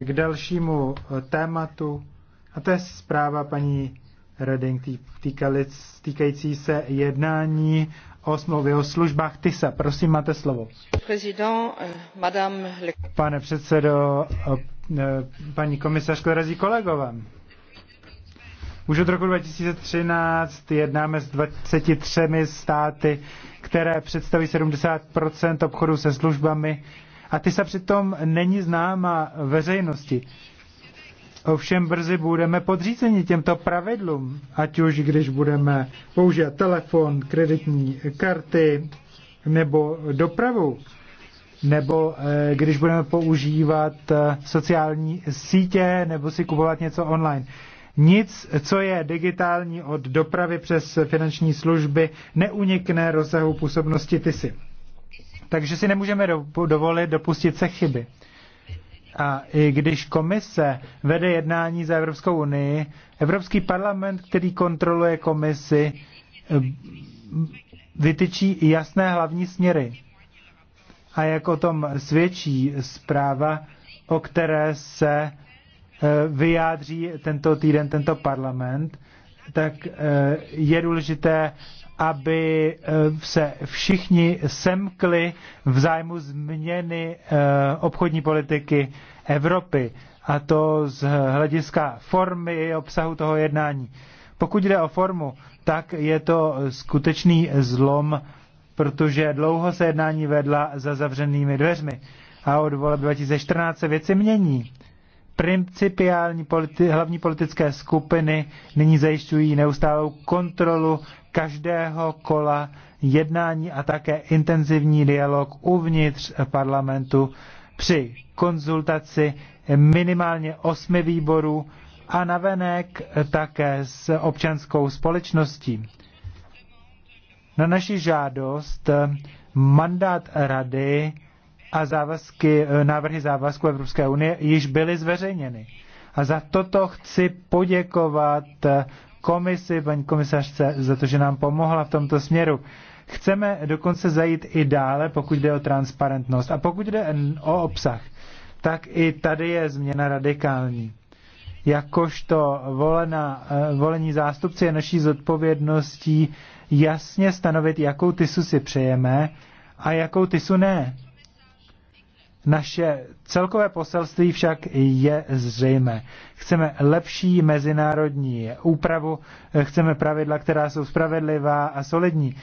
k dalšímu eh, tématu, a to je zpráva paní Reding týkající se jednání o smlouvě o službách TISA. Prosím, máte slovo. Eh, Pane předsedo, eh, paní komisařko, razí kolegové. Už od roku 2013 jednáme s 23 státy, které představí 70 obchodu se službami a ty se přitom není známa veřejnosti. Ovšem brzy budeme podřízeni těmto pravidlům, ať už když budeme používat telefon, kreditní karty nebo dopravu, nebo eh, když budeme používat eh, sociální sítě nebo si kupovat něco online. Nic, co je digitální od dopravy přes finanční služby, neunikne rozsahu působnosti TISY. Takže si nemůžeme dovolit dopustit se chyby. A i když komise vede jednání za Evropskou unii, Evropský parlament, který kontroluje komisi, eh, vytyčí jasné hlavní směry. A jak o tom svědčí zpráva, o které se eh, vyjádří tento týden tento parlament, tak eh, je důležité aby eh, se všichni semkli v zájmu změny eh, obchodní politiky Evropy. A to z hlediska formy i obsahu toho jednání. Pokud jde o formu, tak je to skutečný zlom, protože dlouho se jednání vedla za zavřenými dveřmi. A od voleb 2014 se věci mění principiální politi- hlavní politické skupiny nyní zajišťují neustálou kontrolu každého kola jednání a také intenzivní dialog uvnitř parlamentu při konzultaci minimálně osmi výborů a navenek také s občanskou společností. Na naši žádost mandát rady a závazky, e, návrhy závazku Evropské unie již byly zveřejněny. A za toto chci poděkovat e, komisi, paní komisařce, za to, že nám pomohla v tomto směru. Chceme dokonce zajít i dále, pokud jde o transparentnost. A pokud jde o obsah, tak i tady je změna radikální. Jakožto volená, e, volení zástupci je naší zodpovědností jasně stanovit, jakou tisu si přejeme a jakou tisu ne. Naše celkové poselství však je zřejmé. Chceme lepší mezinárodní úpravu, chceme pravidla, která jsou spravedlivá a solidní.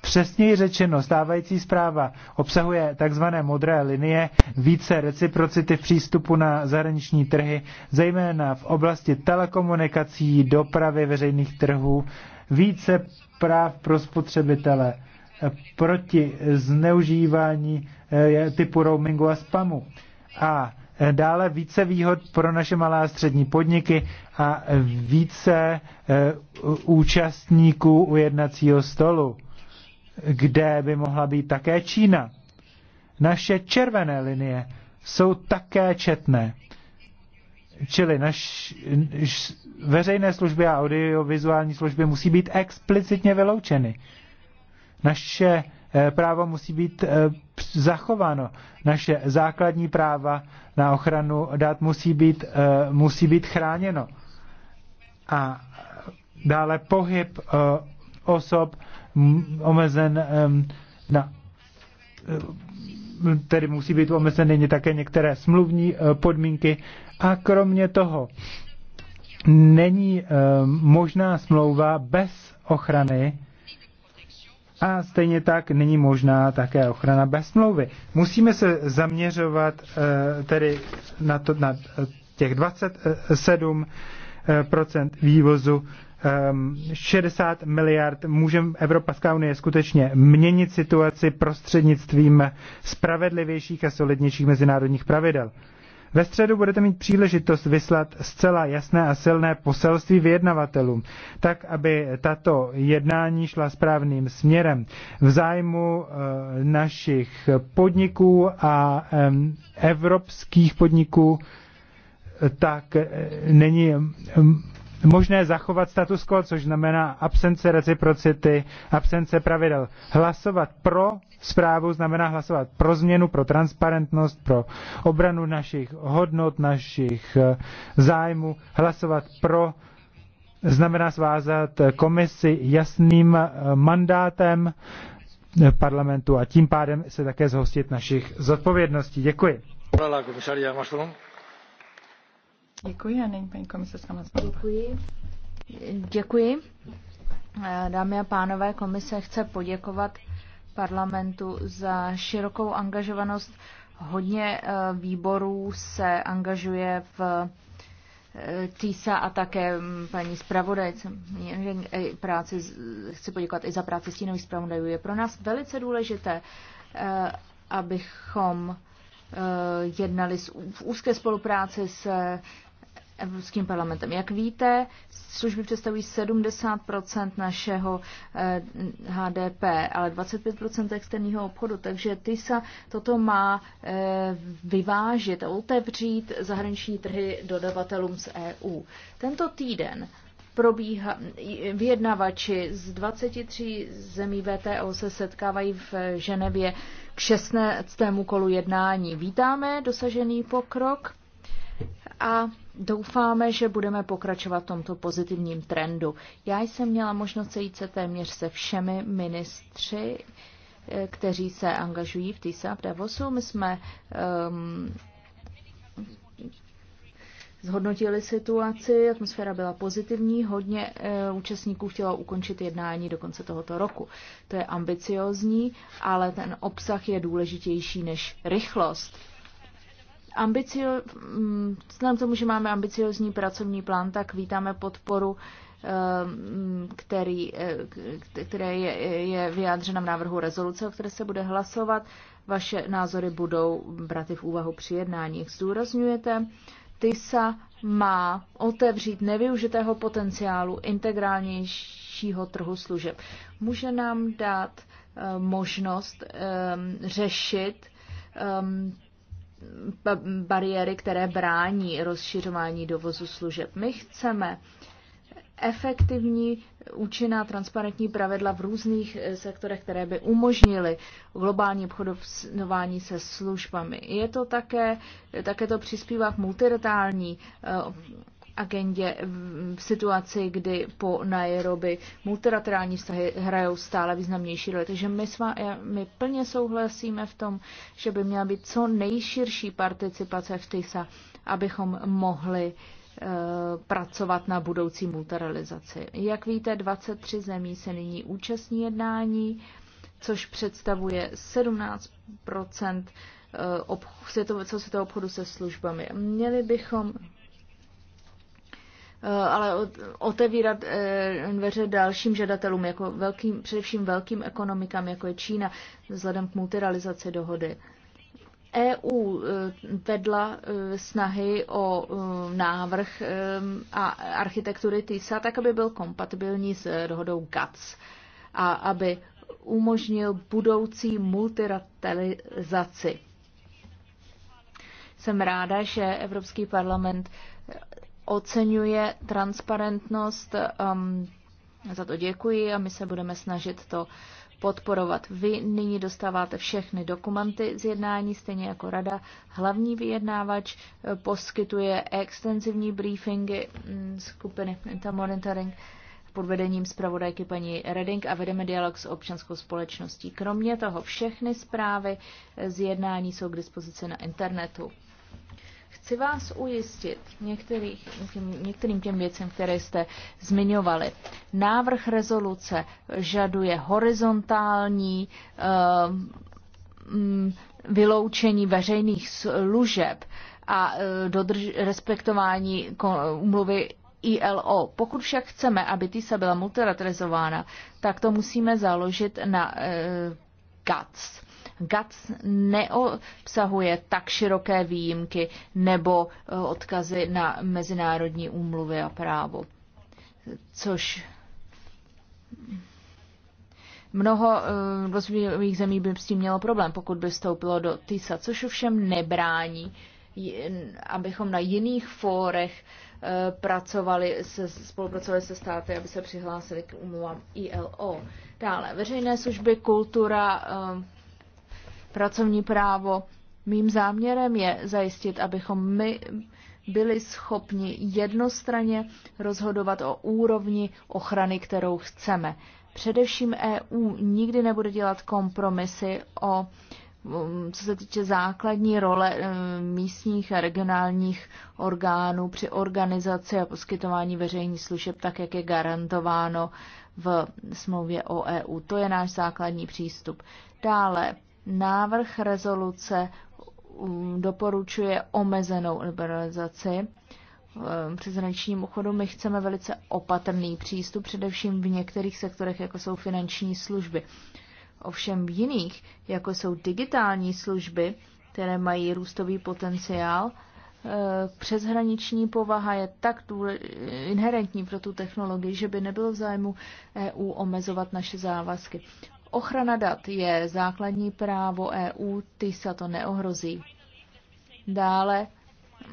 Přesněji řečeno, stávající zpráva obsahuje tzv. modré linie, více reciprocity v přístupu na zahraniční trhy, zejména v oblasti telekomunikací, dopravy veřejných trhů, více práv pro spotřebitele proti zneužívání eh, typu roamingu a spamu. A eh, dále více výhod pro naše malé a střední podniky a více eh, účastníků u jednacího stolu, kde by mohla být také Čína. Naše červené linie jsou také četné. Čili naš, veřejné služby a audiovizuální služby musí být explicitně vyloučeny. Naše eh, právo musí být eh, zachováno. Naše základní práva na ochranu dat musí být, eh, musí být chráněno. A dále pohyb osob omezen na tedy musí být omezeny také některé smluvní podmínky a kromě toho není možná smlouva bez ochrany a stejně tak není možná také ochrana bez smlouvy. Musíme se zaměřovat eh, tedy na, to, na eh, těch 27 eh, vývozu 60 ehm, miliard. Můžeme Evropská unie skutečně měnit situaci prostřednictvím spravedlivějších a solidnějších mezinárodních pravidel. Ve středu budete mít příležitost vyslat zcela jasné a silné poselství vyjednavatelům, tak aby tato jednání šla správným směrem v zájmu eh, našich podniků a evropských podniků, eh, tak eh, není možné zachovat status quo, což znamená absence reciprocity, absence pravidel. Hlasovat pro zprávu znamená hlasovat pro změnu, pro transparentnost, pro obranu našich hodnot, našich eh, zájmů. Hlasovat pro znamená svázat komisi jasným eh, mandátem parlamentu a tím pádem se také zhostit našich zodpovědností. Děkuji. Hvala, Děkuji a nyní paní komisařka Děkuji. Děkuji. Eh, dámy a pánové, komise chce poděkovat parlamentu za širokou angažovanost. Hodně eh, výborů se angažuje v eh, TISA a také mm, paní zpravodajce. Práci, chci poděkovat i za práci stínových zpravodajů. Je pro nás velice důležité, abychom jednali v úzké spolupráci s Evropským parlamentem. Jak víte, služby představují 70 našeho HDP, eh, ale 25 externího obchodu, takže ty se toto má eh, vyvážit a otevřít zahraniční trhy dodavatelům z EU. Tento týden probíhá, vyjednavači z 23 zemí VTO se setkávají v Ženevě k 16. kolu jednání. Vítáme dosažený pokrok a Doufáme, že budeme pokračovat v tomto pozitivním trendu. Já jsem měla možnost sejít se téměř se všemi ministři, eh, kteří se angažují v TISA v Davosu. My jsme um, zhodnotili situaci, atmosféra byla pozitivní, hodně uh, účastníků chtělo ukončit jednání do konce tohoto roku. To je ambiciozní, ale ten obsah je důležitější než rychlost. Ambicio, mm, vzhledem tomu, že máme ambiciozní pracovní plán, tak vítáme podporu, eh, který, eh, které je, je vyjádřena v návrhu rezoluce, o které se bude hlasovat. Vaše názory budou braty v úvahu při jednáních. Zdůrazňujete, TISA má otevřít nevyužitého potenciálu integrálnějšího trhu služeb. Může nám dát eh, možnost řešit bariéry, které brání rozšiřování dovozu služeb. My chceme efektivní, účinná, transparentní pravidla v různých eh, sektorech, které by umožnily globální obchodování se službami. Je to také, také to přispívá k multilaterální eh, agendě v situaci, kdy po Nairobi multilaterální vztahy hrajou stále významnější roli. Takže my, svá, my plně souhlasíme v tom, že by měla být co nejširší participace v TISA, abychom mohli eh, pracovat na budoucí multilateralizaci. Jak víte, 23 zemí se nyní účastní jednání, což představuje 17 eh, obch- co se světového obchodu se službami. Měli bychom Eh, ale otevírat eh, dveře dalším žadatelům, jako velkým, především velkým ekonomikám, jako je Čína, vzhledem k multiralizaci dohody. EU eh, vedla snahy o návrh a architektury TISA tak, aby byl kompatibilní s dohodou GATS a aby umožnil budoucí multiratelizaci. Jsem ráda, že Evropský parlament oceňuje transparentnost. Um, za to děkuji a my se budeme snažit to podporovat. Vy nyní dostáváte všechny dokumenty z jednání, stejně jako rada. Hlavní vyjednávač eh, poskytuje extenzivní briefingy mm, skupiny Monitoring pod vedením zpravodajky paní Reding a vedeme dialog s občanskou společností. Kromě toho všechny zprávy z jednání jsou k dispozici na internetu. Chci vás ujistit některých, některým těm věcem, které jste zmiňovali. Návrh rezoluce žaduje horizontální eh, mm, vyloučení veřejných služeb a eh, dodrž, respektování umluvy ILO. Pokud však chceme, aby TISA byla multilateralizována, tak to musíme založit na uh, GATS. GATS neobsahuje tak široké výjimky nebo e, odkazy na mezinárodní úmluvy a právo, což mnoho e, rozvíjových zemí by s tím mělo problém, pokud by vstoupilo do TISA, což ovšem nebrání, abychom na jiných fórech e, pracovali, se, spolupracovali se státy, aby se přihlásili k umluvám ILO. Dále veřejné služby, kultura, pracovní právo. Mým záměrem je zajistit, abychom my byli schopni jednostranně rozhodovat o úrovni ochrany, kterou chceme. Především EU nikdy nebude dělat kompromisy o mm, co se týče základní role e, místních a regionálních orgánů při organizaci a poskytování veřejných služeb, tak jak je garantováno v smlouvě o EU. To je náš základní přístup. Dále Návrh rezoluce mm, doporučuje omezenou liberalizaci eh, přeshraničním uchodu. My chceme velice opatrný přístup, především v některých sektorech, jako jsou finanční služby. Ovšem v jiných, jako jsou digitální služby, které mají růstový potenciál, eh, přeshraniční povaha je tak inherentní pro tu technologii, že by nebylo v zájmu EU omezovat naše závazky. Ochrana dat je základní právo EU, ty se to neohrozí. Dále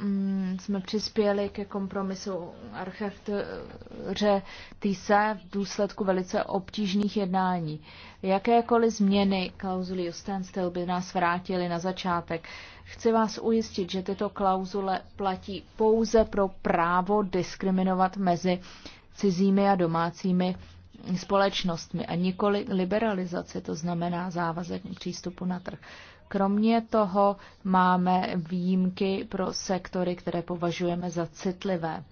mm, jsme přispěli ke kompromisu architektuře TISA v důsledku velice obtížných jednání. Jakékoliv změny klauzuly standstill by nás vrátily na začátek. Chci vás ujistit, že tyto klauzule platí pouze pro právo diskriminovat mezi cizími a domácími společnostmi a nikoli liberalizace, to znamená závazek přístupu na trh. Kromě toho máme výjimky pro sektory, které považujeme za citlivé.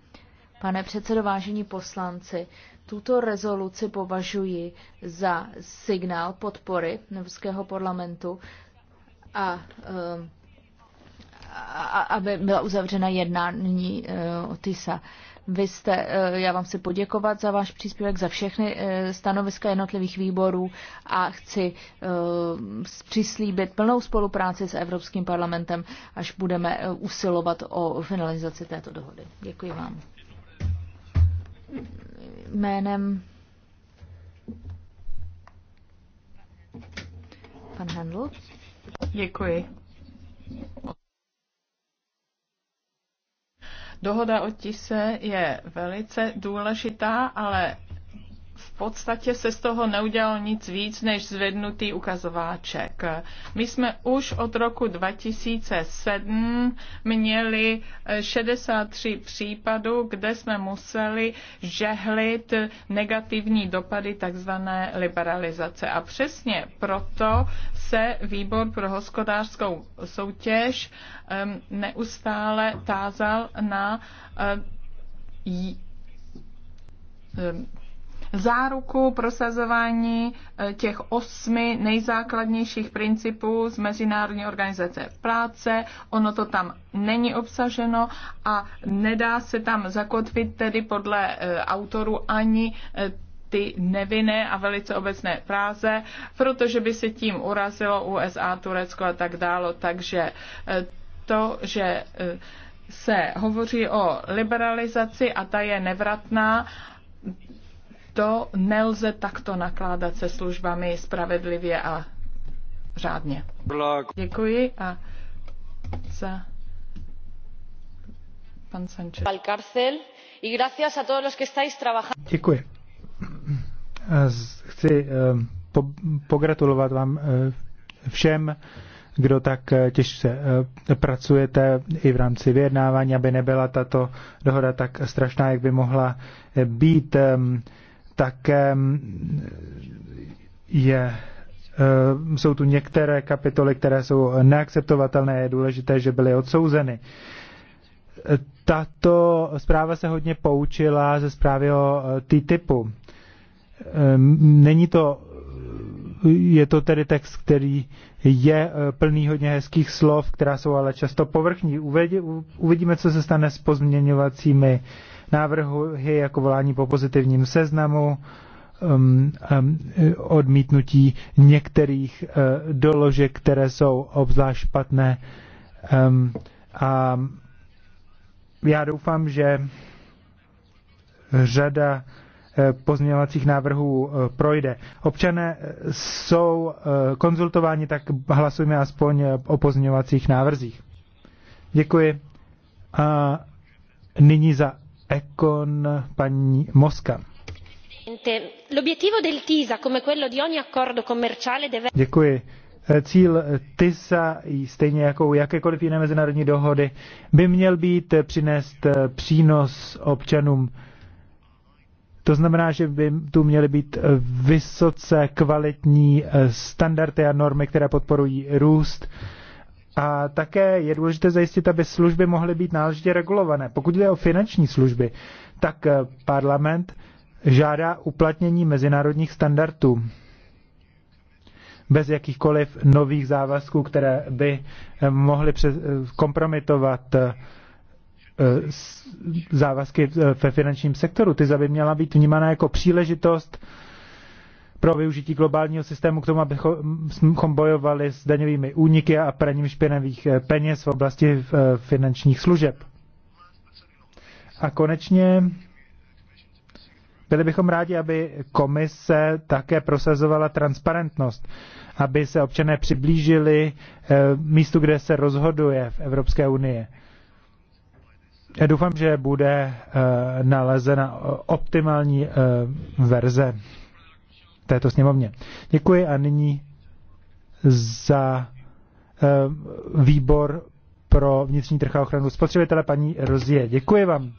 Pane předsedo, vážení poslanci, tuto rezoluci považuji za signál podpory Evropského parlamentu a, eh, a, a aby byla uzavřena jednání eh, o TISA. Vy jste, eh, já vám chci poděkovat za váš příspěvek, za všechny eh, stanoviska jednotlivých výborů a chci eh, přislíbit plnou spolupráci s Evropským parlamentem, až budeme usilovat o finalizaci této dohody. Děkuji vám. Jménem pan Handel. Děkuji. Dohoda o tise je velice důležitá, ale v podstatě se z toho neudělalo nic víc než zvednutý ukazováček. My jsme už od roku 2007 měli 63 případů, kde jsme museli žehlit negativní dopady tzv. liberalizace. A přesně proto se výbor pro hospodářskou soutěž neustále tázal na záruku prosazování eh, těch osmi nejzákladnějších principů z Mezinárodní organizace práce. Ono to tam není obsaženo a nedá se tam zakotvit tedy podle eh, autorů ani eh, ty nevinné a velice obecné práze, protože by se tím urazilo USA, Turecko a tak dále. Takže eh, to, že eh, se hovoří o liberalizaci a ta je nevratná, to nelze takto nakládat se službami spravedlivě a řádně. Děkuji a za pan Sanchez. Děkuji. Eh, chci eh, po pogratulovat vám eh, všem, kdo tak těžce pracujete i v rámci vyjednávání, aby nebyla tato dohoda tak strašná, jak by mohla být. Také je jsou tu některé kapitoly, které jsou neakceptovatelné, je důležité, že byly odsouzeny. Tato zpráva se hodně poučila ze zprávy o TTIPu. typu Ehm, není to, je to tedy text, který je eh, plný hodně hezkých slov, která jsou ale často povrchní. Uvidí, uvidíme, co se stane s pozměňovacími návrhy, jako volání po pozitivním seznamu, um, um, odmítnutí některých uh, doložek, které jsou obzvlášť špatné. Um, a já doufám, že řada pozměňovacích návrhů eh, projde. Občané eh, jsou eh, konzultováni, tak hlasujeme aspoň o pozměňovacích návrzích. Děkuji. A nyní za Ekon paní Moska. Děkuji. Cíl TISA, stejně jako u jakékoliv jiné mezinárodní dohody, by měl být přinést přínos občanům to znamená, že by tu měly být eh, vysoce kvalitní eh, standardy a normy, které podporují růst. A také je důležité zajistit, aby služby mohly být náležitě regulované. Pokud jde o finanční služby, tak eh, parlament žádá uplatnění mezinárodních standardů bez jakýchkoliv nových závazků, které by mohly kompromitovat Eh, závazky eh, ve finančním sektoru. Ty by měla být vnímána jako příležitost pro využití globálního systému k tomu, abychom bojovali s daňovými úniky a praním špinavých eh, peněz v oblasti finančních služeb. A konečně byli bychom rádi, aby komise také prosazovala transparentnost, aby se občané přiblížili místu, kde se rozhoduje v Evropské unii. Já doufám, že bude eh, nalezena eh, optimální eh, verze této sněmovně. Děkuji a nyní za výbor pro vnitřní trh a ochranu spotřebitele paní Rozie. Děkuji vám.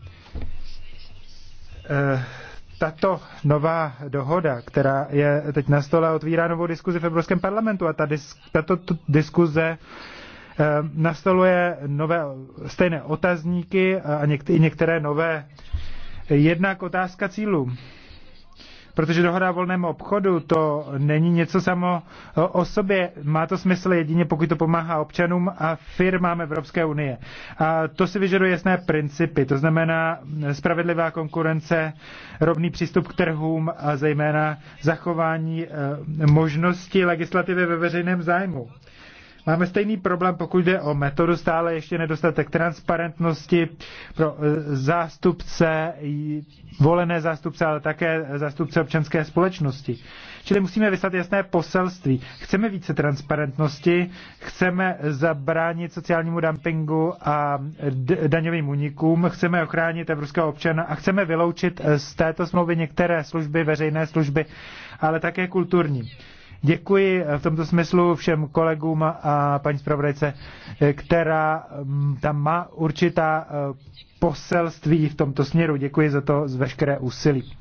Tato nová dohoda, která je teď na stole, otvírá novou diskuzi v Evropském parlamentu a ta dis, tato diskuze Eh, nastoluje nové stejné otazníky a některé, některé nové. Jednak otázka cílů. Protože dohoda o volném obchodu to není něco samo o sobě. Má to smysl jedině, pokud to pomáhá občanům a firmám Evropské unie. A to si vyžaduje jasné principy. To znamená spravedlivá konkurence, rovný přístup k trhům a zejména zachování eh, možnosti legislativy ve veřejném zájmu. Máme stejný problém, pokud jde o metodu, stále ještě nedostatek transparentnosti pro eh, zástupce, volené zástupce, ale také zástupce občanské společnosti. Čili musíme vyslat jasné poselství. Chceme více transparentnosti, chceme zabránit sociálnímu dumpingu a daňovým unikům, chceme ochránit evropského občana a chceme vyloučit eh, z této smlouvy některé služby, veřejné služby, ale také kulturní. Děkuji v tomto smyslu všem kolegům a paní zpravodajce, která mm, tam má určitá e, poselství v tomto směru. Děkuji za to z veškeré úsilí.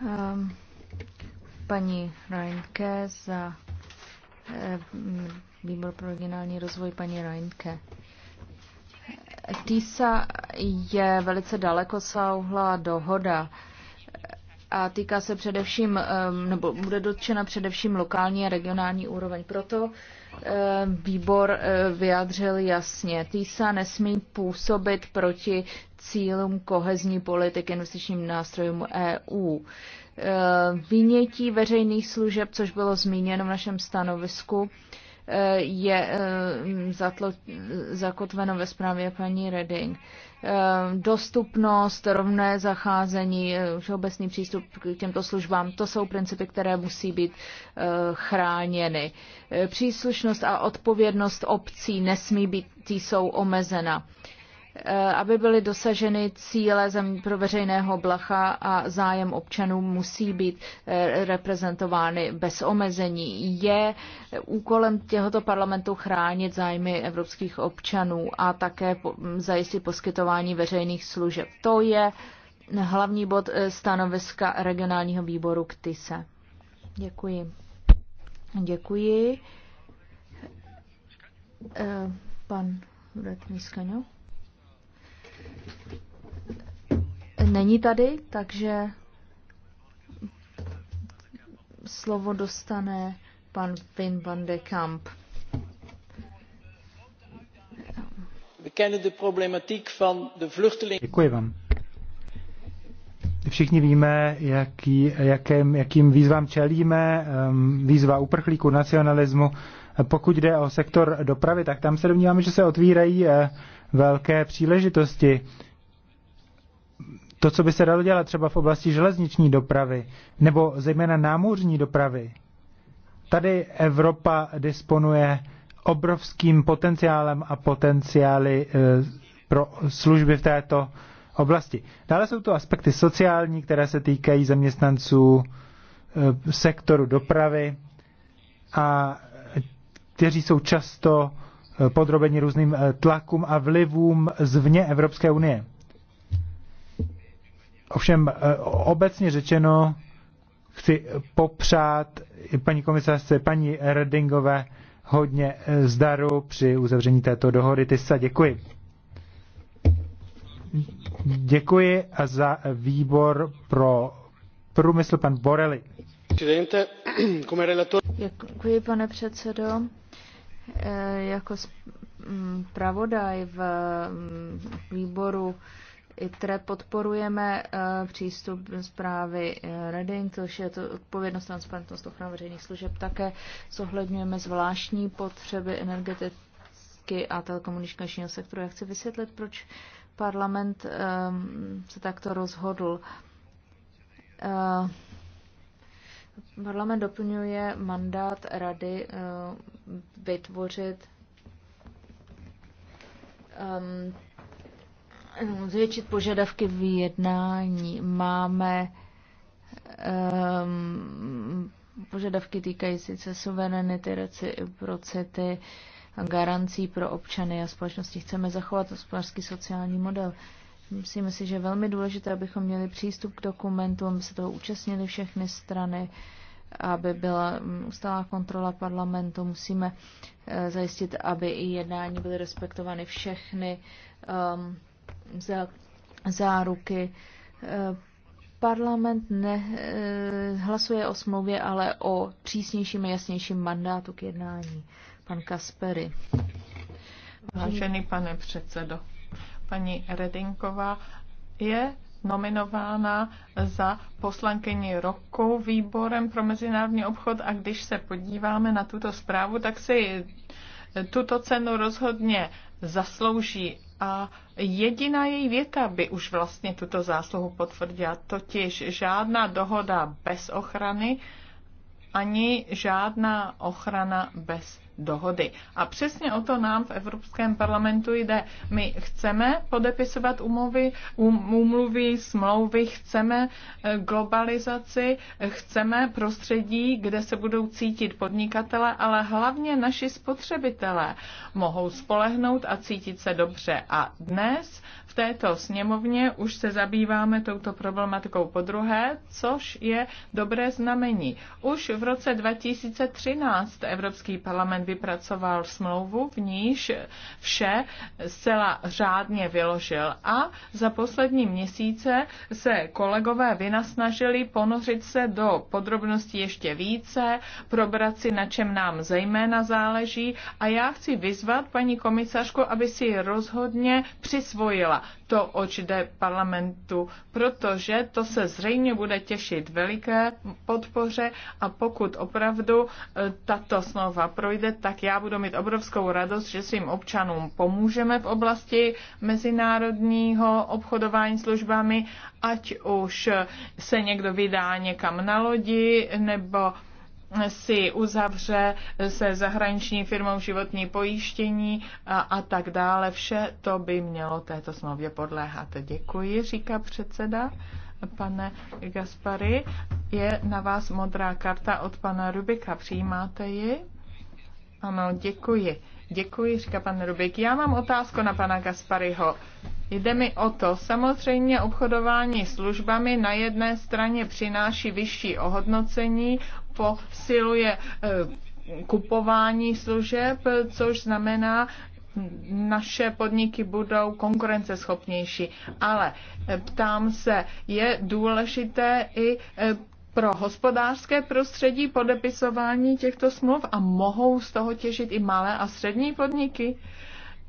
Ehm, paní Reinke za ehm, výbor pro regionální rozvoj paní Reinke. TISA je velice daleko sáhla dohoda a týká se především, nebo bude dotčena především lokální a regionální úroveň. Proto výbor e, vyjádřil jasně, TISA nesmí působit proti cílům kohezní politiky investičním nástrojům EU. E, Vynětí veřejných služeb, což bylo zmíněno v našem stanovisku, e, je zatlo, zakotveno ve zprávě paní Reding. Eh, dostupnost, rovné zacházení, eh, všeobecný přístup k těmto službám, to jsou principy, které musí být eh, chráněny. Příslušnost a odpovědnost obcí nesmí být, ty jsou omezena. Eh, aby byly dosaženy cíle zemí pro veřejného blacha a zájem občanů musí být eh, reprezentovány bez omezení. Je úkolem těchto parlamentu chránit zájmy evropských občanů a také hm, zajistit poskytování veřejných služeb. To je hlavní bod eh, stanoviska regionálního výboru k TISE. Děkuji. Děkuji. Pan Radek Není tady, takže slovo dostane pan Vin van de Kamp. Děkuji vám. Všichni víme, jaký, jakém, jakým výzvám čelíme, ehm, výzva uprchlíků, nacionalismu. Pokud jde o sektor dopravy, tak tam se domníváme, že se otvírají eh, velké příležitosti. To, co by se dalo dělat třeba v oblasti železniční dopravy nebo zejména námořní dopravy. Tady Evropa disponuje obrovským potenciálem a potenciály eh, pro služby v této oblasti. Dále jsou to aspekty sociální, které se týkají zaměstnanců eh, sektoru dopravy a kteří jsou často podrobeni různým eh, tlakům a vlivům zvně Evropské unie. Ovšem eh, obecně řečeno chci popřát paní komisařce, paní Redingové hodně eh, zdaru při uzavření této dohody. Tysa, děkuji. Děkuji a za výbor pro průmysl pan Borelli. Děkuji, pane předsedo. Eh, jako zpravodaj mm, v mm, výboru ITRE podporujeme eh, přístup zprávy eh, Reding, což je to odpovědnost, transparentnost, ochrana veřejných služeb. Také zohledňujeme zvláštní potřeby energetiky a telekomunikačního sektoru. Já chci vysvětlit, proč parlament se takto rozhodl. Parlament doplňuje mandát rady eh, vytvořit um, zvětšit požadavky v jednání. Máme um, požadavky týkající se suverenity, reciprocity, garancí pro občany a společnosti. Chceme zachovat hospodářský sociální model. Uh, Myslím si, že je velmi důležité, abychom měli přístup k dokumentům, aby se toho účastnili všechny strany, aby byla mm, ustalá kontrola parlamentu. Musíme eh, zajistit, aby i jednání byly respektovány všechny um, za, záruky. Eh, parlament nehlasuje eh, o smlouvě, ale o přísnějším a jasnějším mandátu k jednání. Pan Kaspery. Vážený pane předsedo, paní Redinková je nominována za poslankyni roku výborem pro mezinárodní obchod a když se podíváme na tuto zprávu, tak si tuto cenu rozhodně zaslouží a jediná její věta by už vlastně tuto zásluhu potvrdila, totiž žádná dohoda bez ochrany ani žádná ochrana bez dohody. A přesně o to nám v Evropském parlamentu jde. My chceme podepisovat umluvy, um, umluvy smlouvy, chceme eh, globalizaci, chceme prostředí, kde se budou cítit podnikatele, ale hlavně naši spotřebitelé mohou spolehnout a cítit se dobře. A dnes této sněmovně už se zabýváme touto problematikou po druhé, což je dobré znamení. Už v roce 2013 Evropský parlament vypracoval smlouvu, v níž vše zcela řádně vyložil a za poslední měsíce se kolegové vynasnažili ponořit se do podrobností ještě více, probrat si, na čem nám zejména záleží a já chci vyzvat paní komisařku, aby si rozhodně přisvojila to, oč jde parlamentu, protože to se zřejmě bude těšit veliké podpoře a pokud opravdu e, tato smlouva projde, tak já budu mít obrovskou radost, že svým občanům pomůžeme v oblasti mezinárodního obchodování službami, ať už se někdo vydá někam na lodi nebo si uzavře se zahraniční firmou životní pojištění a, a tak dále. Vše to by mělo této smlouvě podléhat. Děkuji, říká předseda. Pane Gaspary, je na vás modrá karta od pana Rubika. Přijímáte ji? Ano, děkuji. Děkuji, říká pan Rubik. Já mám otázku na pana Gaspariho. Jde mi o to, samozřejmě obchodování službami na jedné straně přináší vyšší ohodnocení posiluje eh, kupování služeb, což znamená, naše podniky budou konkurenceschopnější. Ale eh, ptám se, je důležité i eh, pro hospodářské prostředí podepisování těchto smluv a mohou z toho těžit i malé a střední podniky?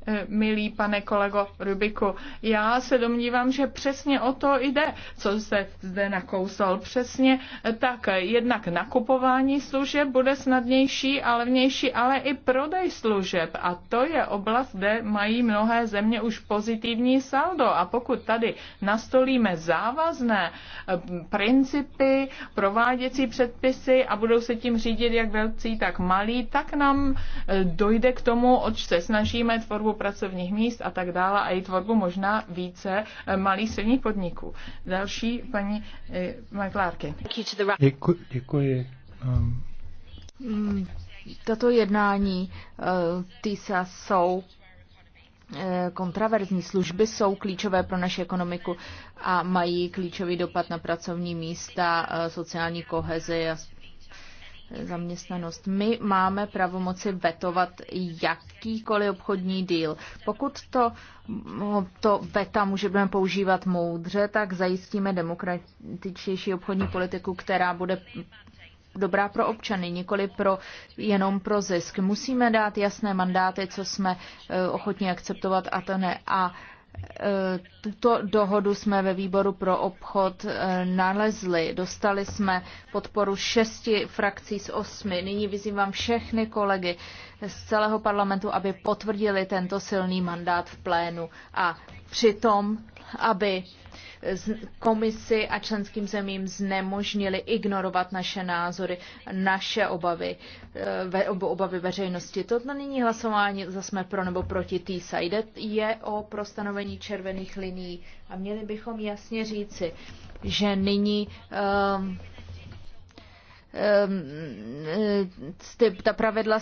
Eh, milý pane kolego Rubiku. Já se domnívám, že přesně o to jde, co se zde nakousal. Přesně tak jednak nakupování služeb bude snadnější a levnější, ale i prodej služeb. A to je oblast, kde mají mnohé země už pozitivní saldo. A pokud tady nastolíme závazné eh, principy, prováděcí předpisy a budou se tím řídit jak velcí, tak malí, tak nám eh, dojde k tomu, oč se snažíme tvorbu tvorbu pracovních míst a tak dále a i tvorbu možná více eh, malých silných podniků. Další paní eh, Maglárky. Děkuji. děkuji. Um. Mm, tato jednání eh, TISA jsou kontraverzní služby jsou klíčové pro naši ekonomiku a mají klíčový dopad na pracovní místa, sociální kohezi a zaměstnanost. My máme pravomoci vetovat jakýkoliv obchodní díl. Pokud to, to veta můžeme používat moudře, tak zajistíme demokratičnější obchodní politiku, která bude dobrá pro občany, nikoli pro, jenom pro zisk. Musíme dát jasné mandáty, co jsme eh, ochotni akceptovat a to ne. A tuto dohodu jsme ve výboru pro obchod eh, nalezli. Dostali jsme podporu šesti frakcí z osmi. Nyní vyzývám všechny kolegy, z celého parlamentu, aby potvrdili tento silný mandát v plénu a přitom, aby komisi a členským zemím znemožnili ignorovat naše názory, naše obavy, eh, obavy veřejnosti. To není hlasování, zase jsme pro nebo proti TISA. Jde je o prostanovení červených liní a měli bychom jasně říci, že nyní um, Ehm, ehm, ta pravidla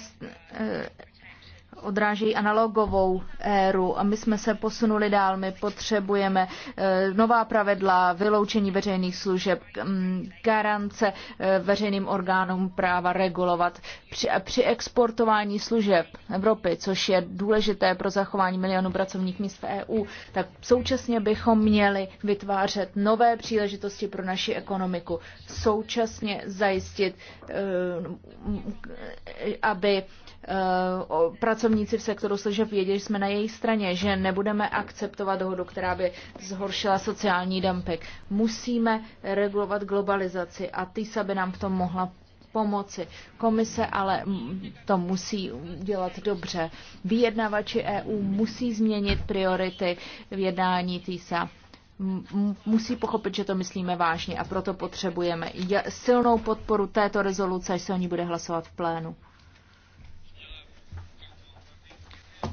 odrážejí analogovou éru a my jsme se posunuli dál. My potřebujeme eh, nová pravidla, vyloučení veřejných služeb, mm, garance eh, veřejným orgánům práva regulovat při, při exportování služeb Evropy, což je důležité pro zachování milionů pracovních míst v EU, tak současně bychom měli vytvářet nové příležitosti pro naši ekonomiku, současně zajistit, eh, aby Eh, pracovníci v sektoru služeb věděli, že jsme na jejich straně, že nebudeme akceptovat dohodu, která by zhoršila sociální dumping. Musíme regulovat globalizaci a TISA by nám v tom mohla pomoci. Komise ale to musí dělat dobře. Vyjednavači EU musí změnit priority v jednání TISA musí pochopit, že to myslíme vážně a proto potřebujeme silnou podporu této rezoluce, až se o ní bude hlasovat v plénu.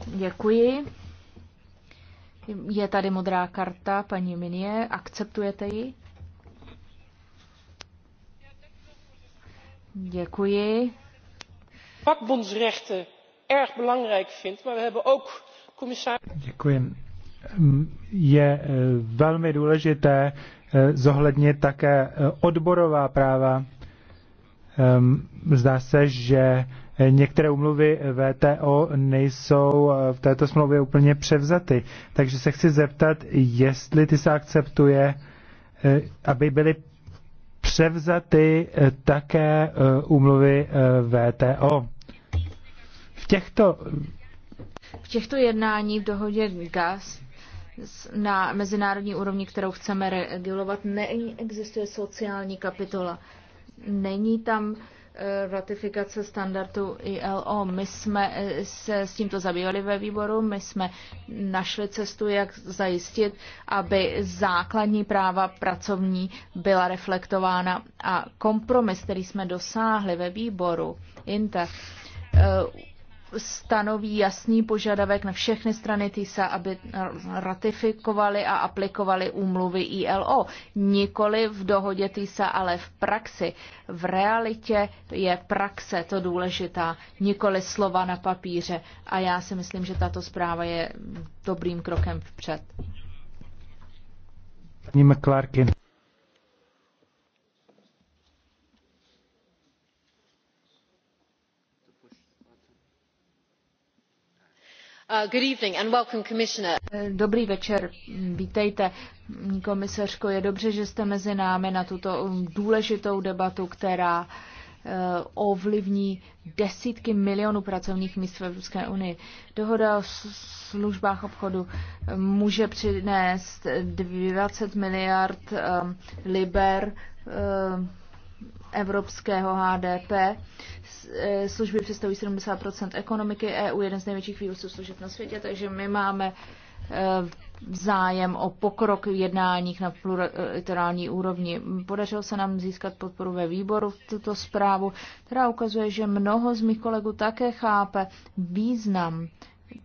Děkuji. Je tady modrá karta, paní Minie, akceptujete ji? Děkuji. Vakbondsrechten erg belangrijk vindt, maar we hebben ook commissaris. Děkuji. Je eh, velmi důležité eh, zohlednit také eh, odborová práva. Ehm, zdá se, že některé umluvy VTO nejsou eh, v této smlouvě úplně převzaty. Takže se chci zeptat, jestli ty se akceptuje, eh, aby byly převzaty eh, také umluvy VTO. V těchto v těchto jednání v dohodě GAS na mezinárodní úrovni, kterou chceme regulovat, neexistuje sociální kapitola. Není tam Eh, ratifikace standardu ILO. My jsme eh, se s tímto zabývali ve výboru, my jsme našli cestu, jak zajistit, aby základní práva pracovní byla reflektována a kompromis, který jsme dosáhli ve výboru INTA, eh, stanoví jasný požadavek na všechny strany TISA, aby ratifikovali a aplikovali úmluvy ILO. Nikoli v dohodě TISA, ale v praxi. V realitě je praxe to důležitá, nikoli slova na papíře. A já si myslím, že tato zpráva je dobrým krokem vpřed. Paní McClarkin. Uh, eh, dobrý večer, vítejte, komisařko. Je dobře, že jste mezi námi na tuto eh, důležitou debatu, která eh, ovlivní desítky milionů pracovních míst v Evropské unii. Dohoda o službách obchodu může přinést dvacet miliard liber evropského HDP. E, služby představují 70 ekonomiky EU, jeden z největších vývozů služeb na světě, takže my máme e, zájem o pokrok v jednáních na plurální úrovni. Podařilo se nám získat podporu ve výboru v tuto zprávu, která ukazuje, že mnoho z mých kolegů také chápe význam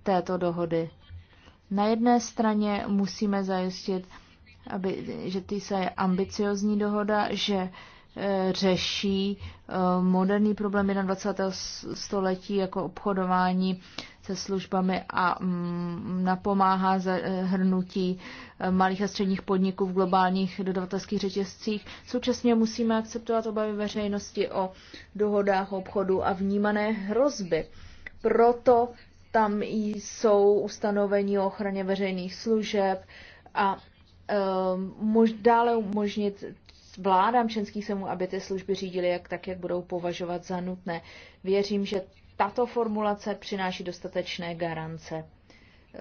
této dohody. Na jedné straně musíme zajistit, aby, že ty se je ambiciozní dohoda, že uh, řeší eh, moderní problémy na 20. století jako obchodování se službami a mm, napomáhá zahrnutí eh, malých a středních podniků v globálních dodavatelských řetězcích. Současně musíme akceptovat obavy veřejnosti o dohodách obchodu a vnímané hrozby. Proto tam jsou ustanovení o ochraně veřejných služeb a eh, dále umožnit vládám členských semů, aby ty služby řídily jak, tak, jak budou považovat za nutné. Věřím, že tato formulace přináší dostatečné garance. Eh,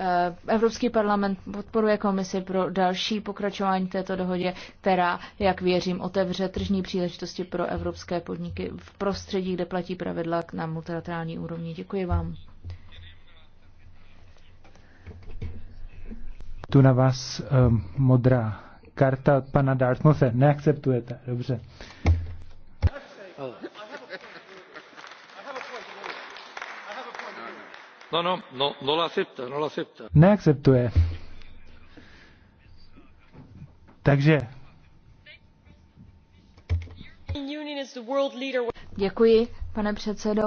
eh, Evropský parlament podporuje komisi pro další pokračování této dohodě, která, jak věřím, otevře tržní příležitosti pro evropské podniky v prostředí, kde platí pravidla na multilaterální úrovni. Děkuji vám. tu na vás um, modrá karta od pana Dartmouthe. Neakceptujete, dobře. No, no, no, no la acepta, no la acepta. Neakceptuje. Takže. Děkuji, pane předsedo.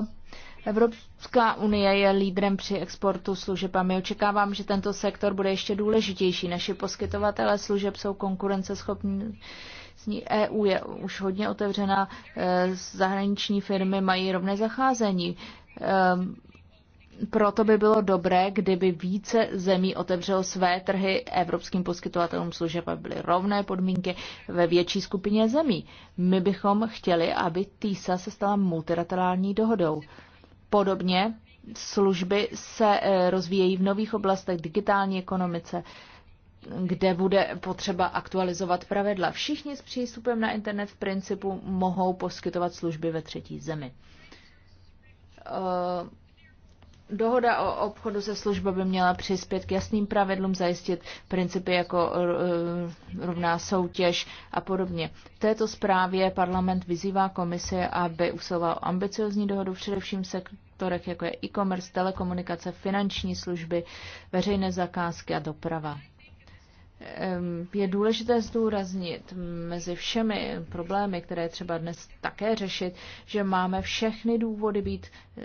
Evropská unie je lídrem při exportu služeb a my očekávám, že tento sektor bude ještě důležitější. Naši poskytovatelé služeb jsou konkurenceschopní. EU je už hodně otevřená, eh, zahraniční firmy mají rovné zacházení. Eh, proto by bylo dobré, kdyby více zemí otevřelo své trhy evropským poskytovatelům služeb a byly rovné podmínky ve větší skupině zemí. My bychom chtěli, aby TISA se stala multilaterální dohodou. Podobně služby se eh, rozvíjejí v nových oblastech digitální ekonomice, kde bude potřeba aktualizovat pravidla. Všichni s přístupem na internet v principu mohou poskytovat služby ve třetí zemi. Eh, Dohoda o obchodu se služba by měla přispět k jasným pravidlům, zajistit principy jako eh, rovná soutěž a podobně. V této zprávě parlament vyzývá komisi, aby usiloval ambiciozní dohodu především se sektorech, jako je e-commerce, telekomunikace, finanční služby, veřejné zakázky a doprava je důležité zdůraznit mezi všemi problémy, které třeba dnes také řešit, že máme všechny důvody být, eh,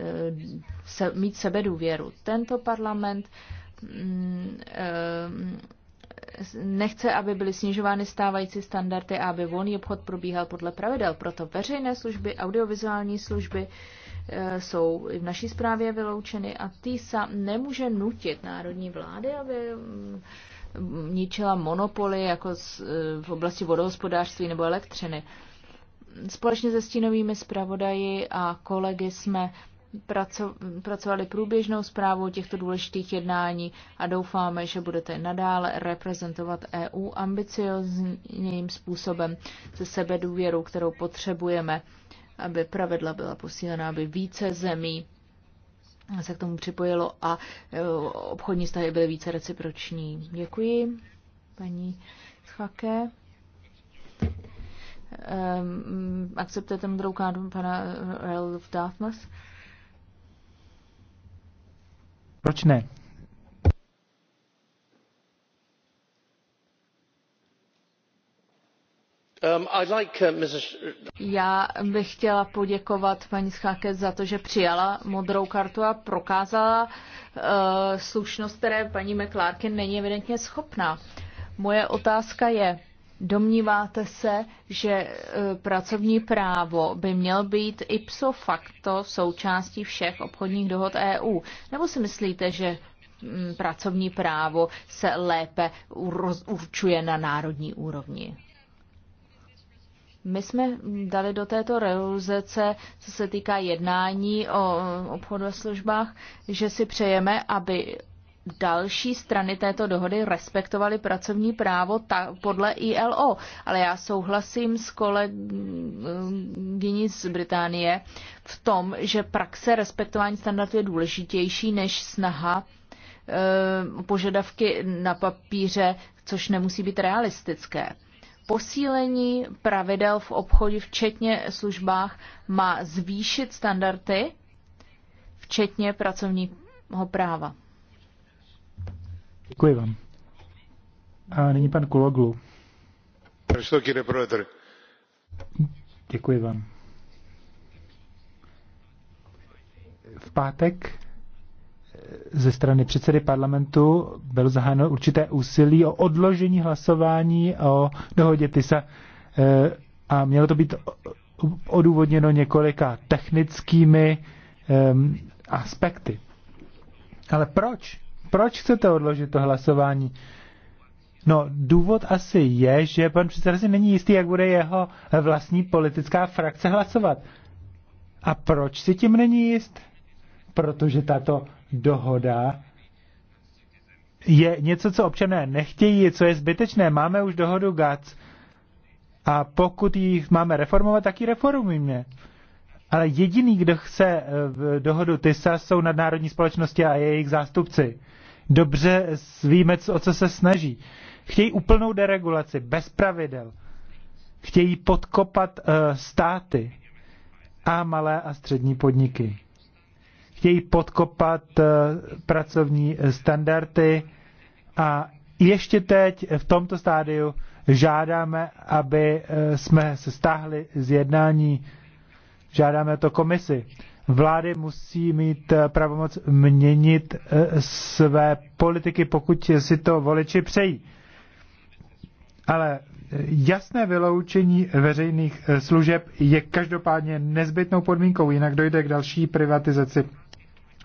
se, mít sebedůvěru. Tento parlament mm, eh, nechce, aby byly snižovány stávající standardy a aby volný obchod probíhal podle pravidel. Proto veřejné služby, audiovizuální služby eh, jsou v naší zprávě vyloučeny a TISA nemůže nutit národní vlády, aby mm, ničila monopoly jako e, v oblasti vodohospodářství nebo elektřiny. Společně se stínovými zpravodaji a kolegy jsme pracovali průběžnou zprávou těchto důležitých jednání a doufáme, že budete nadále reprezentovat EU ambiciozním způsobem se sebedůvěrou, kterou potřebujeme, aby pravidla byla posílena, aby více zemí se k tomu připojilo a e, obchodní vztahy byly více reciproční. Děkuji, paní Schake. Um, akceptujete modrou kartu pana of Dartmouth? Proč ne? Um, uh, Já bych chtěla poděkovat paní Schake za to, že přijala modrou kartu a prokázala uh, slušnost, které paní McClarkin není evidentně schopná. Moje otázka je, domníváte se, že uh, pracovní právo by měl být ipso facto součástí všech obchodních dohod EU? Nebo si myslíte, že um, pracovní právo se lépe určuje na národní úrovni? My jsme dali do této realizace, co se týká jednání o obchodu a službách, že si přejeme, aby další strany této dohody respektovaly pracovní právo ta, podle ILO. Ale já souhlasím s kolegyní z Británie v tom, že praxe respektování standardů je důležitější než snaha e, požadavky na papíře, což nemusí být realistické posílení pravidel v obchodě, včetně službách, má zvýšit standardy, včetně pracovního práva. Děkuji vám. A nyní pan Kuloglu. Děkuji vám. V pátek ze strany předsedy parlamentu bylo zahájeno určité úsilí o odložení hlasování o dohodě TISA eh, a mělo to být odůvodněno několika technickými ehm, aspekty. Ale proč? Proč chcete odložit to hlasování? No, důvod asi je, že pan předseda si není jistý, jak bude jeho vlastní politická frakce hlasovat. A proč si tím není jist? Protože tato dohoda je něco, co občané nechtějí, co je zbytečné. Máme už dohodu GATS a pokud ji máme reformovat, tak ji reformujeme. Ale jediný, kdo chce eh, dohodu TISA, jsou nadnárodní společnosti a jejich zástupci. Dobře víme, o co se snaží. Chtějí úplnou deregulaci, bez pravidel. Chtějí podkopat uh, státy a malé a střední podniky chtějí podkopat eh, pracovní standardy a ještě teď v tomto stádiu žádáme, aby eh, jsme se stáhli z jednání. Žádáme to komisi. Vlády musí mít eh, pravomoc měnit své politiky, pokud si to voliči přejí. Ale jasné vyloučení veřejných služeb je každopádně nezbytnou podmínkou, jinak dojde k další privatizaci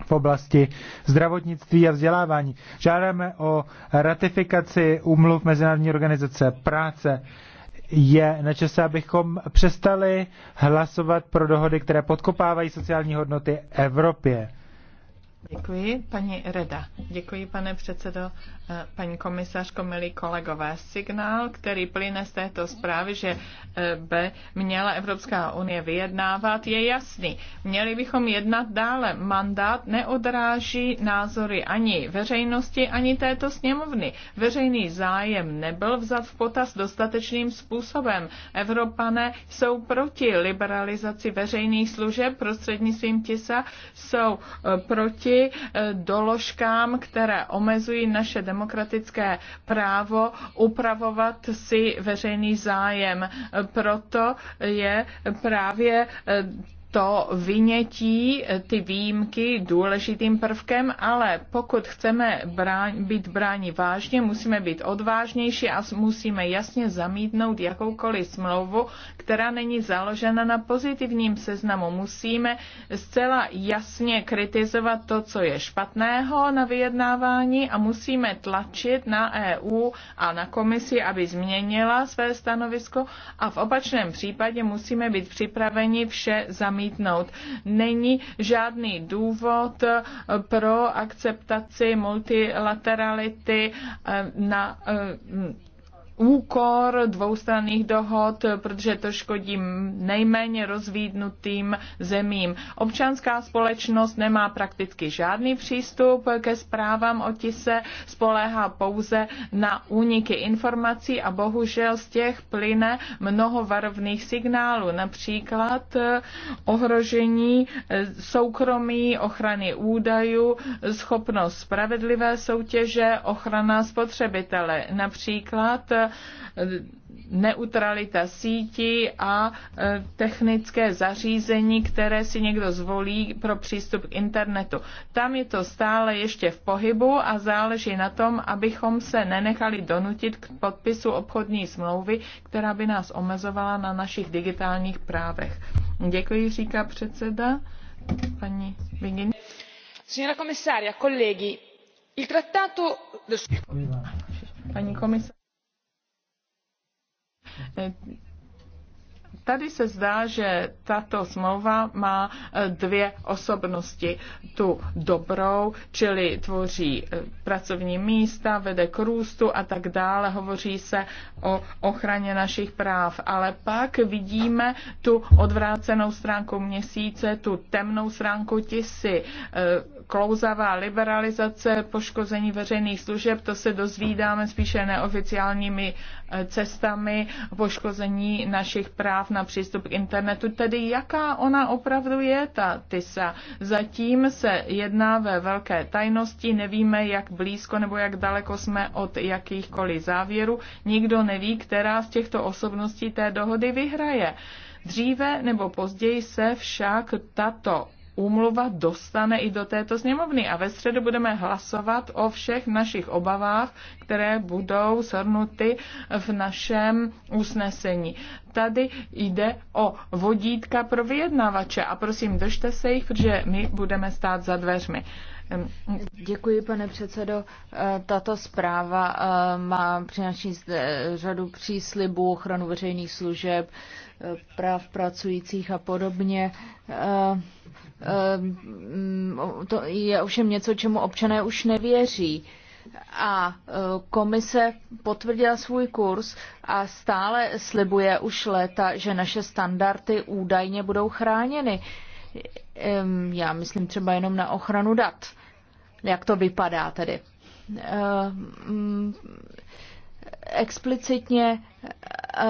v oblasti zdravotnictví a vzdělávání. Žádáme o ratifikaci úmluv Mezinárodní organizace práce. Je na čase, abychom přestali hlasovat pro dohody, které podkopávají sociální hodnoty Evropě. Děkuji, paní Reda. Děkuji, pane předsedo, eh, paní komisařko, milí kolegové. Signál, který plyne z této zprávy, že eh, by měla Evropská unie vyjednávat, je jasný. Měli bychom jednat dále. Mandát neodráží názory ani veřejnosti, ani této sněmovny. Veřejný zájem nebyl vzat v potaz dostatečným způsobem. Evropané jsou proti liberalizaci veřejných služeb prostřednictvím TISA, jsou eh, proti proti eh, doložkám, které omezují naše demokratické právo upravovat si veřejný zájem. Proto je právě eh, to vynětí, eh, ty výjimky důležitým prvkem, ale pokud chceme bráň, být bráni vážně, musíme být odvážnější a musíme jasně zamítnout jakoukoliv smlouvu, která není založena na pozitivním seznamu. Musíme zcela jasně kritizovat to, co je špatného na vyjednávání a musíme tlačit na EU a na komisi, aby změnila své stanovisko a v opačném případě musíme být připraveni vše zamítnout zamítnout. Není žádný důvod pro akceptaci multilaterality eh, na eh, úkor dvoustranných dohod, protože to škodí nejméně rozvídnutým zemím. Občanská společnost nemá prakticky žádný přístup ke zprávám o tise, spoléhá pouze na úniky informací a bohužel z těch plyne mnoho varovných signálů, například eh, ohrožení eh, soukromí, ochrany údajů, schopnost spravedlivé soutěže, ochrana spotřebitele, například eh, neutralita síti a e, technické zařízení, které si někdo zvolí pro přístup k internetu. Tam je to stále ještě v pohybu a záleží na tom, abychom se nenechali donutit k podpisu obchodní smlouvy, která by nás omezovala na našich digitálních právech. Děkuji, říká předseda. Paní Vigin. Signora komisaria, colleghi, il trattato... Paní komisaria. Tady se zdá, že tato smlouva má eh, dvě osobnosti. Tu dobrou, čili tvoří eh, pracovní místa, vede k růstu a tak dále. Hovoří se o ochraně našich práv. Ale pak vidíme tu odvrácenou stránku měsíce, tu temnou stránku tisy eh, klouzavá liberalizace, poškození veřejných služeb, to se dozvídáme spíše neoficiálními eh, cestami, poškození našich práv na přístup k internetu, tedy jaká ona opravdu je ta TISA. Zatím se jedná ve velké tajnosti, nevíme, jak blízko nebo jak daleko jsme od jakýchkoliv závěrů, nikdo neví, která z těchto osobností té dohody vyhraje. Dříve nebo později se však tato úmluva dostane i do této sněmovny a ve středu budeme hlasovat o všech našich obavách, které budou shrnuty v našem usnesení. Tady jde o vodítka pro vyjednavače a prosím, držte se jich, protože my budeme stát za dveřmi. Děkuji, pane předsedo. E, tato zpráva e, má přinaší e, řadu příslibů, ochranu veřejných služeb, práv pracujících a podobně. Ehm, to je ovšem něco, čemu občané už nevěří. A e, komise potvrdila svůj kurz a stále slibuje už léta, že naše standardy údajně budou chráněny. Ehm, já myslím třeba jenom na ochranu dat. Jak to vypadá tedy? Ehm, explicitně eh,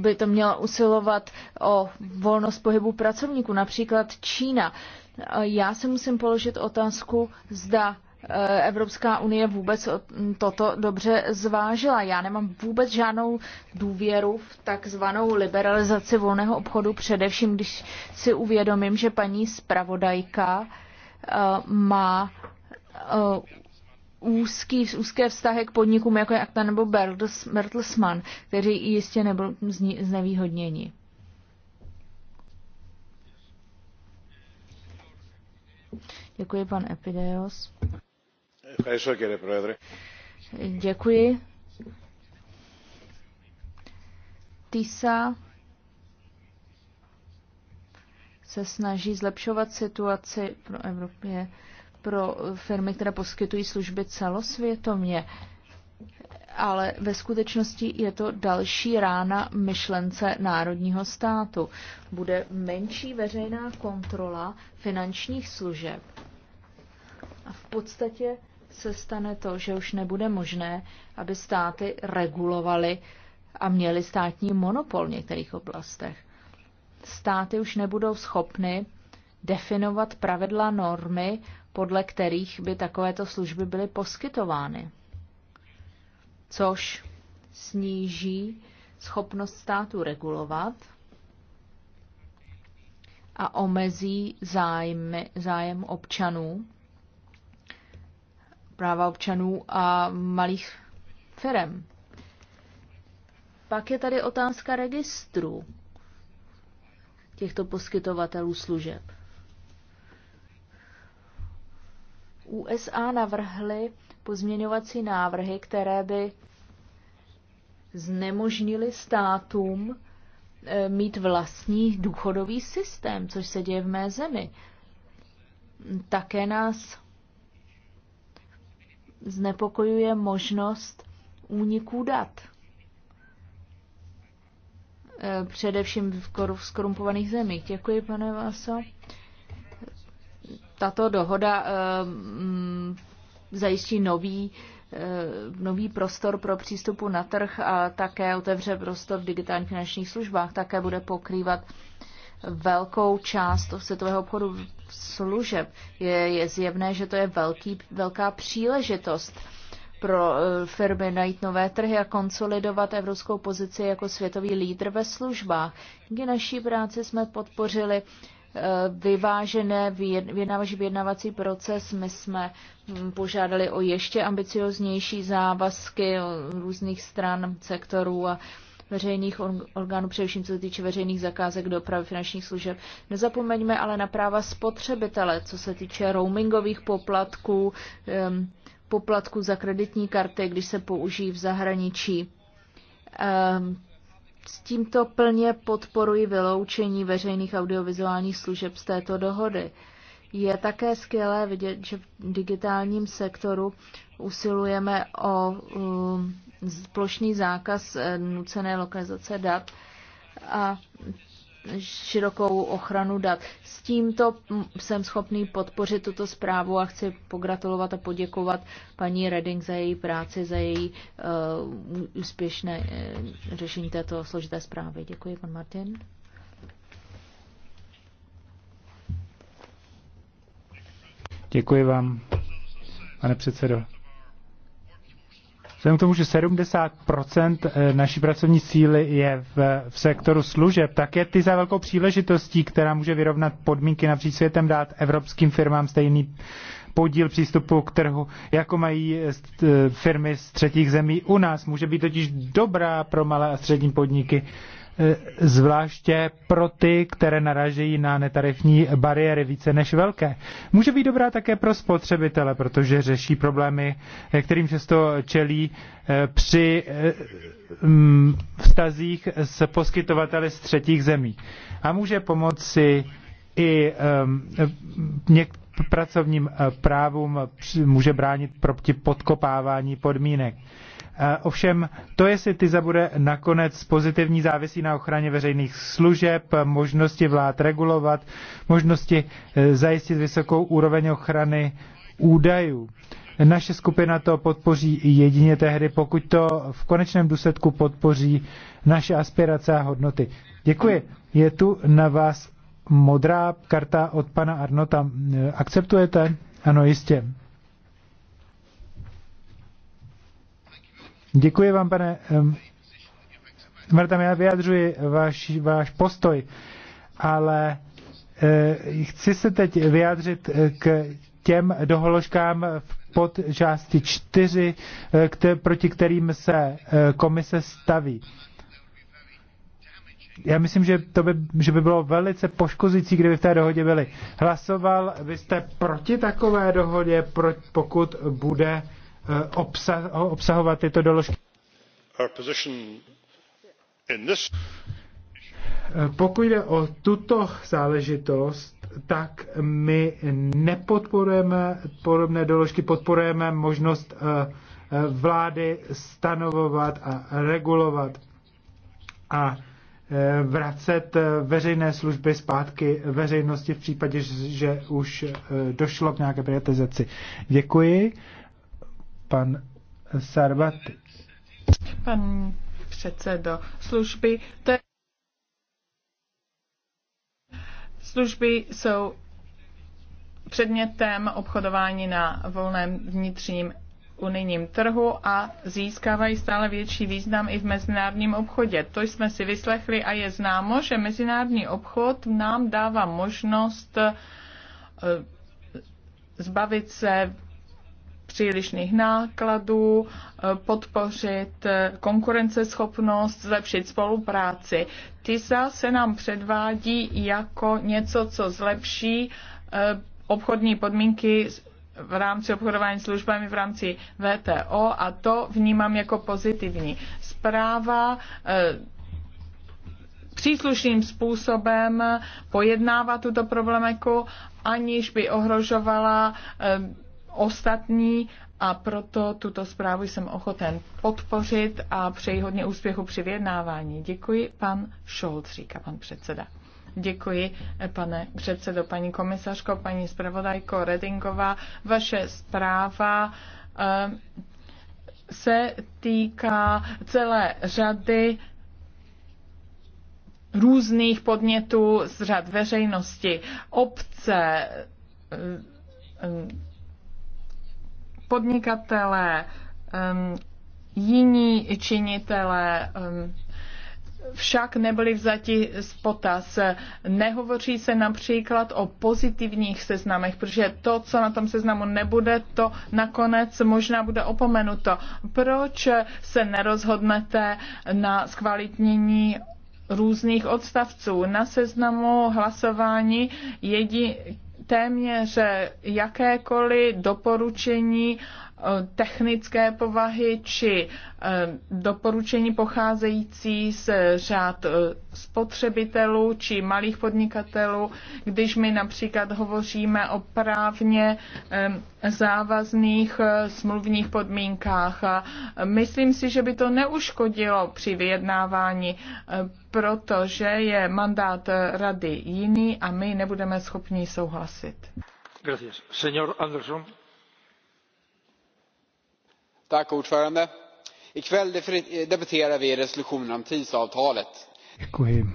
by to měla usilovat o volnost pohybu pracovníků, například Čína. Eh, já se musím položit otázku, zda eh, Evropská unie vůbec mm, toto dobře zvážila. Já nemám vůbec žádnou důvěru v takzvanou liberalizaci volného obchodu, především když si uvědomím, že paní zpravodajka má úzký, úzké vztahy k podnikům, jako je Akta nebo Bertelsmann, kteří jistě nebyl znevýhodněni. Děkuji, pan Epideos. Děkuji. TISA se snaží zlepšovat situaci pro Evropě pro firmy, které poskytují služby celosvětově, ale ve skutečnosti je to další rána myšlence národního státu. Bude menší veřejná kontrola finančních služeb. A v podstatě se stane to, že už nebude možné, aby státy regulovaly a měly státní monopol v některých oblastech. Státy už nebudou schopny definovat pravidla normy podle kterých by takovéto služby byly poskytovány, což sníží schopnost státu regulovat a omezí zájmy, zájem občanů, práva občanů a malých firm. Pak je tady otázka registru těchto poskytovatelů služeb. USA navrhly pozměňovací návrhy, které by znemožnili státům eh, mít vlastní důchodový systém, což se děje v mé zemi. Také nás znepokojuje možnost úniků dat. Eh, především v skorumpovaných zemích. Děkuji, pane Vaso tato dohoda eh, mm, zajistí nový, eh, nový prostor pro přístupu na trh a také otevře prostor v digitálních finančních službách. Také bude pokrývat velkou část světového obchodu služeb. Je, je zjevné, že to je velký, velká příležitost pro eh, firmy najít nové trhy a konsolidovat evropskou pozici jako světový lídr ve službách. Díky naší práci jsme podpořili vyvážené vyjednávací vyjednávací proces. My jsme mm, požádali o ještě ambicioznější závazky různých stran, sektorů a veřejných orgánů, především co se týče veřejných zakázek dopravy finančních služeb. Nezapomeňme ale na práva spotřebitele, co se týče roamingových poplatků, poplatků za kreditní karty, když se použijí v zahraničí s tímto plně podporuji vyloučení veřejných audiovizuálních služeb z této dohody. Je také skvělé vidět, že v digitálním sektoru usilujeme o um, plošný zákaz eh, nucené lokalizace dat a širokou ochranu dat. S tímto jsem schopný podpořit tuto zprávu a chci pogratulovat a poděkovat paní Redding za její práci, za její uh, úspěšné uh, řešení této složité zprávy. Děkuji, pan Martin. Děkuji vám, pane předsedo. Vzhledem k tomu, že 70% eh, naší pracovní síly je v, v sektoru služeb, tak je ty za velkou příležitostí, která může vyrovnat podmínky napříč světem, dát evropským firmám stejný podíl přístupu k trhu, jako mají eh, eh, firmy z třetích zemí u nás. Může být totiž dobrá pro malé a střední podniky, Eh, zvláště pro ty, které narážejí na netarifní bariéry více než velké. Může být dobrá také pro spotřebitele, protože řeší problémy, eh, kterým často čelí eh, při mm, vztazích s poskytovateli z třetích zemí. A může pomoci i pracovním právům, může bránit proti podkopávání podmínek. Ovšem to, jestli TISA bude nakonec pozitivní, závisí na ochraně veřejných služeb, možnosti vlád regulovat, možnosti eh, zajistit vysokou úroveň ochrany údajů. Naše skupina to podpoří jedině tehdy, pokud to v konečném důsledku podpoří naše aspirace a hodnoty. Děkuji. Je tu na vás modrá karta od pana Arnota. Eh, akceptujete? Ano, jistě. Děkuji vám, pane Martam, já vyjadřuji váš, váš postoj, ale eh, chci se teď vyjádřit eh, k těm doholožkám v podčásti čtyři, eh, kter, proti kterým se komise staví. Já myslím, že, to by, že by bylo velice poškozující, kdyby v té dohodě byli. Hlasoval byste proti takové dohodě, pro, pokud bude Eh, obsahovat tyto doložky. Eh, pokud jde o tuto záležitost, tak my nepodporujeme podobné doložky, podporujeme možnost eh, vlády stanovovat a regulovat a vracet veřejné služby zpátky veřejnosti v případě, že už došlo k nějaké privatizaci. Děkuji pan Sarvati. Pan předsedo, služby, te... služby jsou předmětem obchodování na volném vnitřním unijním trhu a získávají stále větší význam i v mezinárodním obchodě. To jsme si vyslechli a je známo, že mezinárodní obchod nám dává možnost eh, zbavit se přílišných nákladů, eh, podpořit eh, konkurenceschopnost, zlepšit spolupráci. TISA se nám předvádí jako něco, co zlepší eh, obchodní podmínky v rámci obchodování službami v rámci VTO a to vnímám jako pozitivní. Zpráva příslušným způsobem pojednává tuto problematiku, aniž by ohrožovala ostatní a proto tuto zprávu jsem ochoten podpořit a přeji hodně úspěchu při vyjednávání. Děkuji, pan Scholz, říká pan předseda. Děkuji, pane předsedo, paní komisařko, paní zpravodajko Redingová. Vaše zpráva eh, se týká celé řady různých podnětů z řad veřejnosti, obce, eh, podnikatelé, um, jiní činitelé, um, však nebyli vzati z potaz. Nehovoří se například o pozitivních seznamech, protože to, co na tom seznamu nebude, to nakonec možná bude opomenuto. Proč se nerozhodnete na zkvalitnění různých odstavců. Na seznamu hlasování jedi, téměř jakékoliv doporučení technické povahy či eh, doporučení pocházející z řád eh, spotřebitelů či malých podnikatelů, když my například hovoříme o právně eh, závazných smluvních podmínkách. Myslím si, že by to neuškodilo při vyjednávání, protože je mandát rady jiný a my nebudeme schopni souhlasit. Gracias. Señor Anderson herr talman! I kväll debatterar vi resolutionen om TISA-avtalet. Děkuji.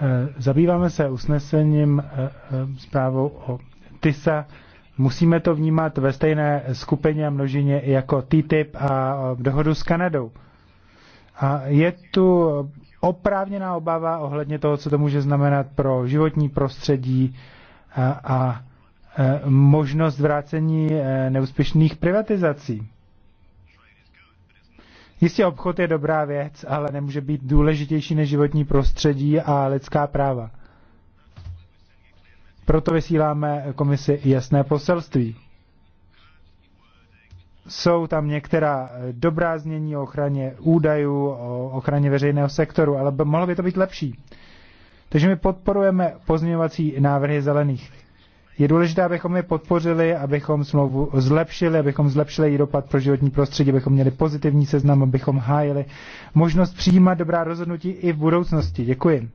Eh, zabýváme se usnesením eh, eh, zprávou o TISA. Musíme to vnímat ve stejné skupině a množině jako TTIP a dohodu s Kanadou. A je tu oprávněná obava ohledně toho, co to může znamenat pro životní prostředí a, a Eh, možnost vrácení eh, neúspěšných privatizací. Jistě obchod je dobrá věc, ale nemůže být důležitější než životní prostředí a lidská práva. Proto vysíláme komisi jasné poselství. Jsou tam některá dobrá znění o ochraně údajů, o ochraně veřejného sektoru, ale mohlo by to být lepší. Takže my podporujeme pozměňovací návrhy zelených je důležité, abychom je podpořili, abychom smlouvu zlepšili, abychom zlepšili její dopad pro životní prostředí, abychom měli pozitivní seznam, abychom hájili možnost přijímat dobrá rozhodnutí i v budoucnosti. Děkuji.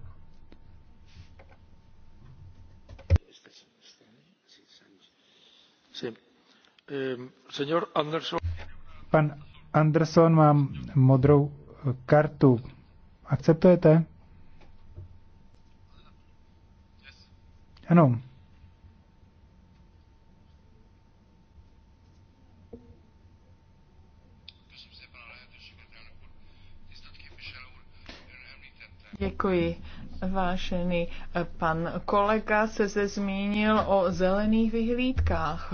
Pan Anderson mám modrou eh, kartu. Akceptujete? Ano. Děkuji. Vážený eh, pan kolega se zde zmínil o zelených vyhlídkách.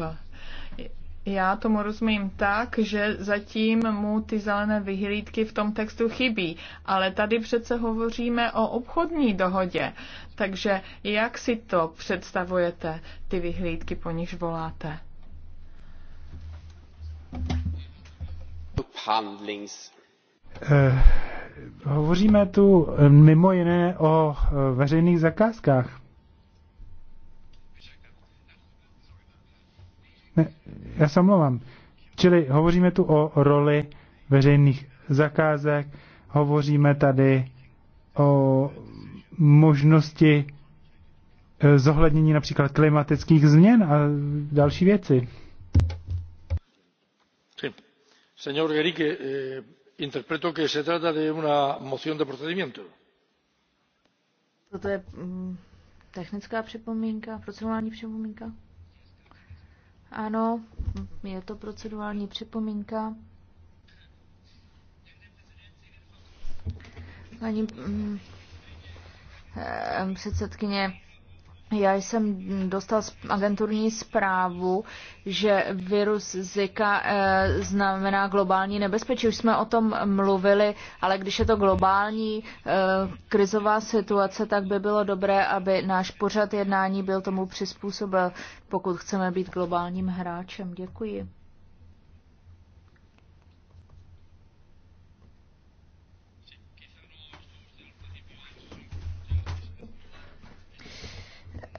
Já tomu rozumím tak, že zatím mu ty zelené vyhlídky v tom textu chybí, ale tady přece hovoříme o obchodní dohodě. Takže jak si to představujete, ty vyhlídky, po nichž voláte? Uh, hovoříme tu eh, mimo jiné o eh, veřejných zakázkách. Ne, já se omlouvám. Čili hovoříme tu o roli veřejných zakázek, hovoříme tady o možnosti eh, zohlednění například klimatických změn a další věci. Sí. Señor Gerike, eh interpreto que se trata de una moción de procedimiento. Toto je mm, technická připomínka, procedurální připomínka. Ano, je to procedurální připomínka. Paní mm, eh, předsedkyně, já jsem dostal agenturní zprávu, že virus Zika eh, znamená globální nebezpečí. Už jsme o tom mluvili, ale když je to globální eh, krizová situace, tak by bylo dobré, aby náš pořad jednání byl tomu přizpůsobil, pokud chceme být globálním hráčem. Děkuji.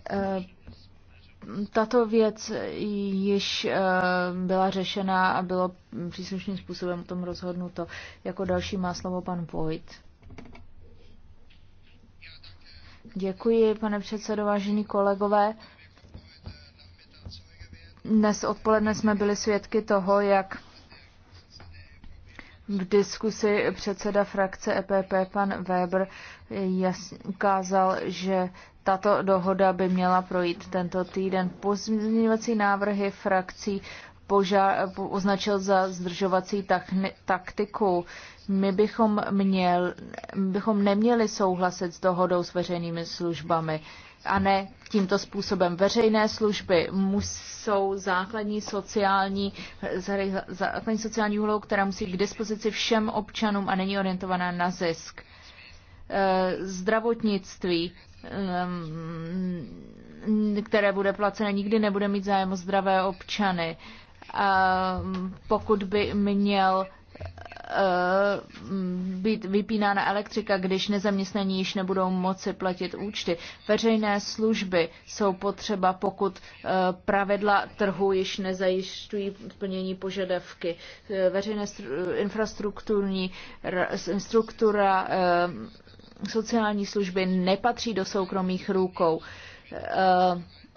Eh, tato věc již eh, byla řešena a bylo příslušným způsobem o tom rozhodnuto. Jako další má slovo pan Vojt. Děkuji, pane předsedo, vážení kolegové. Dnes odpoledne jsme byli svědky toho, jak v diskusi předseda frakce EPP pan Weber jasně ukázal, že tato dohoda by měla projít tento týden. Pozměňovací návrhy frakcí poža- označil za zdržovací taktiku. My bychom, měl, bychom neměli souhlasit s dohodou s veřejnými službami a ne tímto způsobem. Veřejné služby jsou základní sociální, základní sociální úlohou, která musí být k dispozici všem občanům a není orientovaná na zisk. E, zdravotnictví, e, které bude placené, nikdy nebude mít zájem o zdravé občany. A pokud by měl Eh, být vypínána elektrika, když nezaměstnaní již nebudou moci platit účty. Veřejné služby jsou potřeba, pokud eh, pravidla trhu již nezajišťují plnění požadavky. Eh, veřejné infrastrukturní struktura sociální služby nepatří do soukromých rukou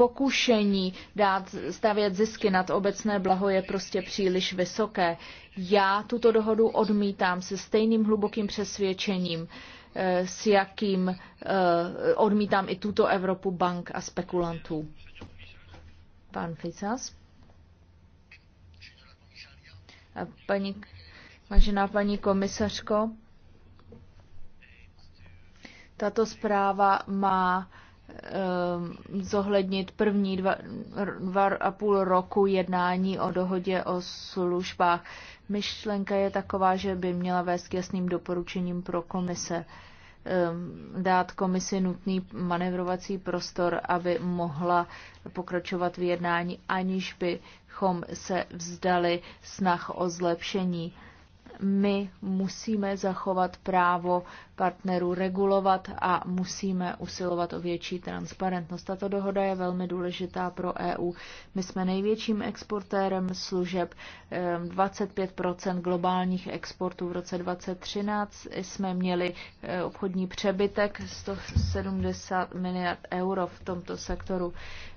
pokušení dát stavět zisky nad obecné blaho je prostě příliš vysoké. Já tuto dohodu odmítám se stejným hlubokým přesvědčením, eh, s jakým eh, odmítám i tuto Evropu bank a spekulantů. Pan Ficas. Paní, vážená paní komisařko, tato zpráva má Ehm, zohlednit první dva, dva a půl roku jednání o dohodě o službách. Myšlenka je taková, že by měla vést k jasným doporučením pro komise ehm, dát komisi nutný manevrovací prostor, aby mohla pokračovat v jednání, aniž bychom se vzdali snah o zlepšení my musíme zachovat právo partnerů regulovat a musíme usilovat o větší transparentnost. Tato dohoda je velmi důležitá pro EU. My jsme největším exportérem služeb, 25 ehm, globálních exportů v roce 2013 jsme měli eh, obchodní přebytek 170 miliard euro v tomto sektoru.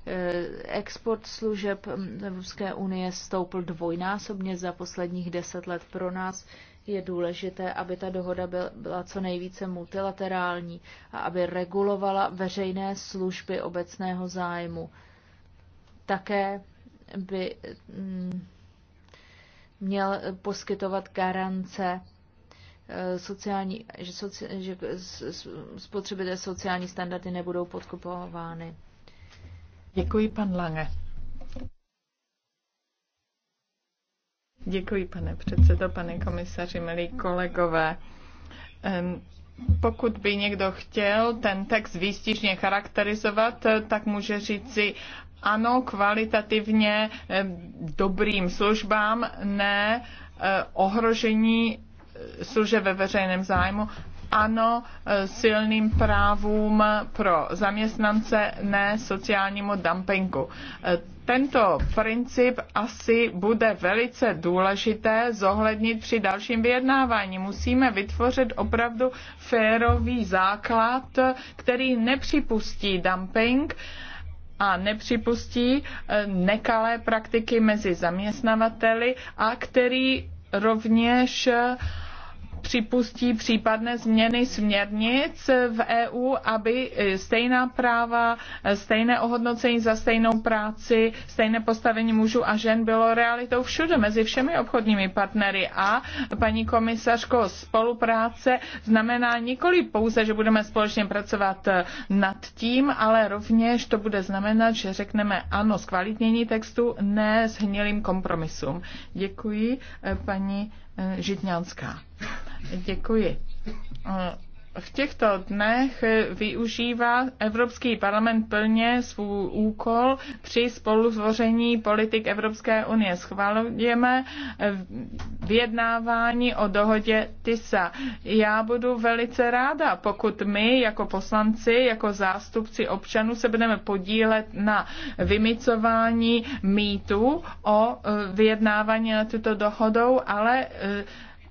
Eh, export služeb mm, Evropské unie stoupl dvojnásobně za posledních deset let. Pro nás je důležité, aby ta dohoda byla co nejvíce multilaterální a aby regulovala veřejné služby obecného zájmu. Také by mm, měl poskytovat garance eh, sociální, že, soci, že spotřebitelé sociální standardy nebudou podkopovány. Děkuji, pan Lange. Děkuji, pane předsedo, pane komisaři, milí kolegové. Pokud by někdo chtěl ten text výstižně charakterizovat, tak může říci ano, kvalitativně dobrým službám, ne eh, ohrožení eh, služe ve veřejném zájmu ano eh, silným právům pro zaměstnance, ne sociálnímu dumpingu. Eh, tento princip asi bude velice důležité zohlednit při dalším vyjednávání. Musíme vytvořit opravdu férový základ, který nepřipustí dumping a nepřipustí eh, nekalé praktiky mezi zaměstnavateli a který rovněž uh, připustí případné změny směrnic v EU, aby eh, stejná práva, eh, stejné ohodnocení za stejnou práci, stejné postavení mužů a žen bylo realitou všude mezi všemi obchodními partnery. A paní komisařko, spolupráce znamená nikoli pouze, že budeme společně pracovat eh, nad tím, ale rovněž to bude znamenat, že řekneme ano zkvalitnění textu, ne s hnilým kompromisům. Děkuji paní Žitňanská. Děkuji v těchto dnech využívá Evropský parlament plně svůj úkol při spoluzvoření politik Evropské unie. Schvalujeme vyjednávání o dohodě TISA. Já budu velice ráda, pokud my jako poslanci, jako zástupci občanů se budeme podílet na vymicování mýtu o e, vyjednávání na tuto dohodou, ale e,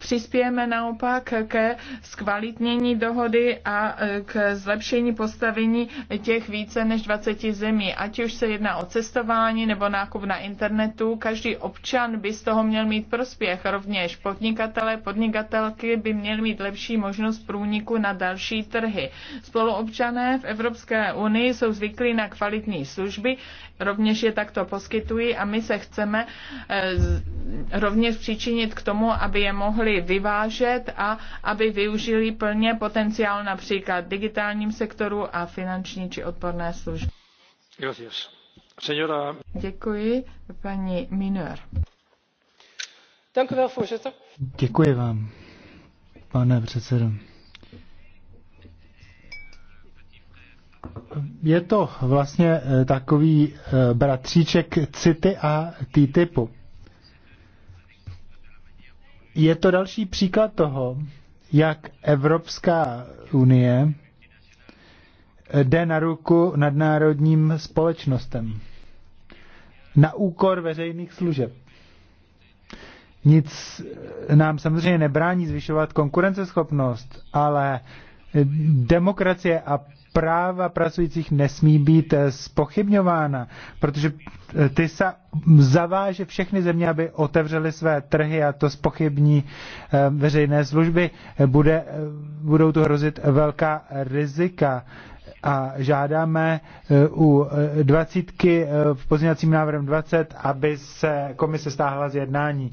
přispějeme naopak ke zkvalitnění dohody a e, k zlepšení postavení těch více než 20 zemí. Ať už se jedná o cestování nebo nákup na internetu, každý občan by z toho měl mít prospěch. Rovněž podnikatele, podnikatelky by měli mít lepší možnost průniku na další trhy. Spoluobčané v Evropské unii jsou zvyklí na kvalitní služby, rovněž je takto poskytují a my se chceme eh, rovněž přičinit k tomu, aby je mohli vyvážet a aby využili plně potenciál například v digitálním sektoru a finanční či odporné služby. Gracias. Děkuji, paní Minor. Děkuji vám, pane předsedo. je to vlastně eh, takový eh, bratříček City a T-typu. Je to další příklad toho, jak Evropská unie eh, jde na ruku nadnárodním společnostem na úkor veřejných služeb. Nic nám samozřejmě nebrání zvyšovat konkurenceschopnost, ale demokracie a práva pracujících nesmí být eh, spochybňována, protože eh, ty se zaváže všechny země, aby otevřely své trhy a to spochybní eh, veřejné služby. Bude, budou tu hrozit velká rizika a žádáme u dvacítky v pozměňovacím návrhem 20, aby se komise stáhla z jednání.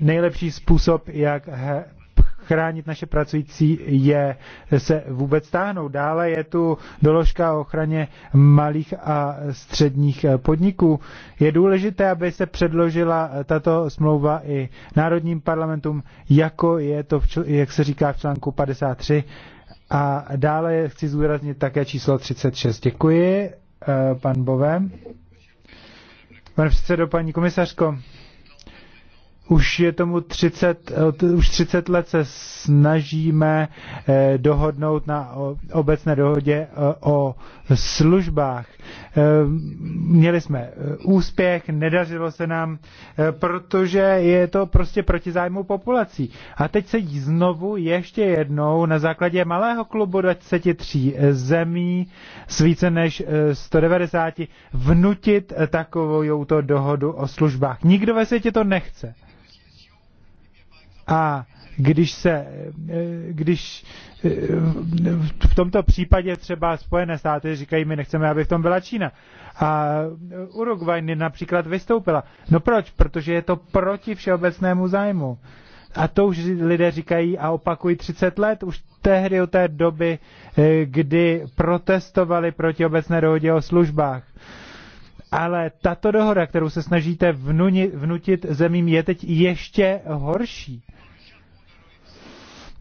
Nejlepší způsob, jak chránit naše pracující, je se vůbec stáhnout. Dále je tu doložka o ochraně malých a středních podniků. Je důležité, aby se předložila tato smlouva i národním parlamentům, jako je to, jak se říká v článku 53. A dále chci zúraznit také číslo 36. Děkuji, eh, pan Bovem. Pane předsedo, paní komisařko, už je tomu 30, už 30 let se snažíme eh, dohodnout na obecné dohodě eh, o službách. Eh, měli jsme úspěch, nedařilo se nám, protože je to prostě proti zájmu populací. A teď se znovu ještě jednou na základě malého klubu 23 zemí s více než 190 vnutit takovou to dohodu o službách. Nikdo ve světě to nechce. A když se, eh, když eh, v tomto případě třeba Spojené státy říkají, my nechceme, aby v tom byla Čína. A Uruguay například vystoupila. No proč? Protože je to proti všeobecnému zájmu. A to už lidé říkají a opakují 30 let, už tehdy od té doby, eh, kdy protestovali proti obecné dohodě o službách. Ale tato dohoda, kterou se snažíte vnunit, vnutit zemím, je teď ještě horší.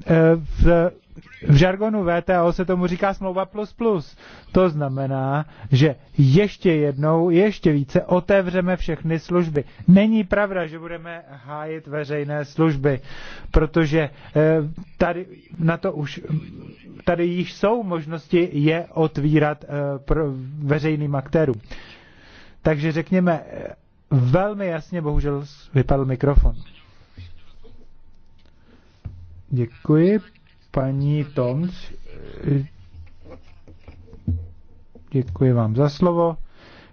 E, v, v žargonu VTO se tomu říká smlouva plus plus. To znamená, že ještě jednou, ještě více otevřeme všechny služby. Není pravda, že budeme hájit veřejné služby, protože e, tady na to už, tady již jsou možnosti je otvírat e, veřejným aktérům. Takže řekněme velmi jasně, bohužel vypadl mikrofon. Děkuji. Paní Tomč, děkuji vám za slovo.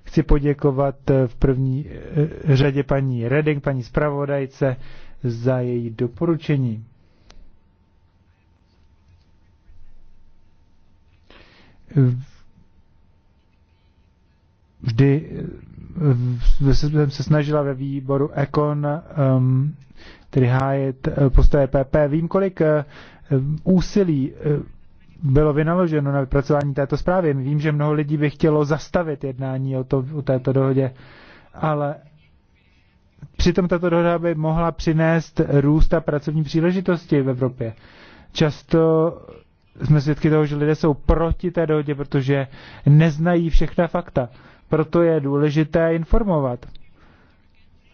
Chci poděkovat v první eh, řadě paní Reding, paní zpravodajce, za její doporučení vždy eh, jsem se snažila ve výboru Econ um, tedy hájet eh, postoje PP. Vím, kolik eh, úsilí bylo vynaloženo na vypracování této zprávy. Vím, že mnoho lidí by chtělo zastavit jednání o, to, o této dohodě, ale přitom tato dohoda by mohla přinést růst a pracovní příležitosti v Evropě. Často jsme svědky toho, že lidé jsou proti té dohodě, protože neznají všechna fakta proto je důležité informovat.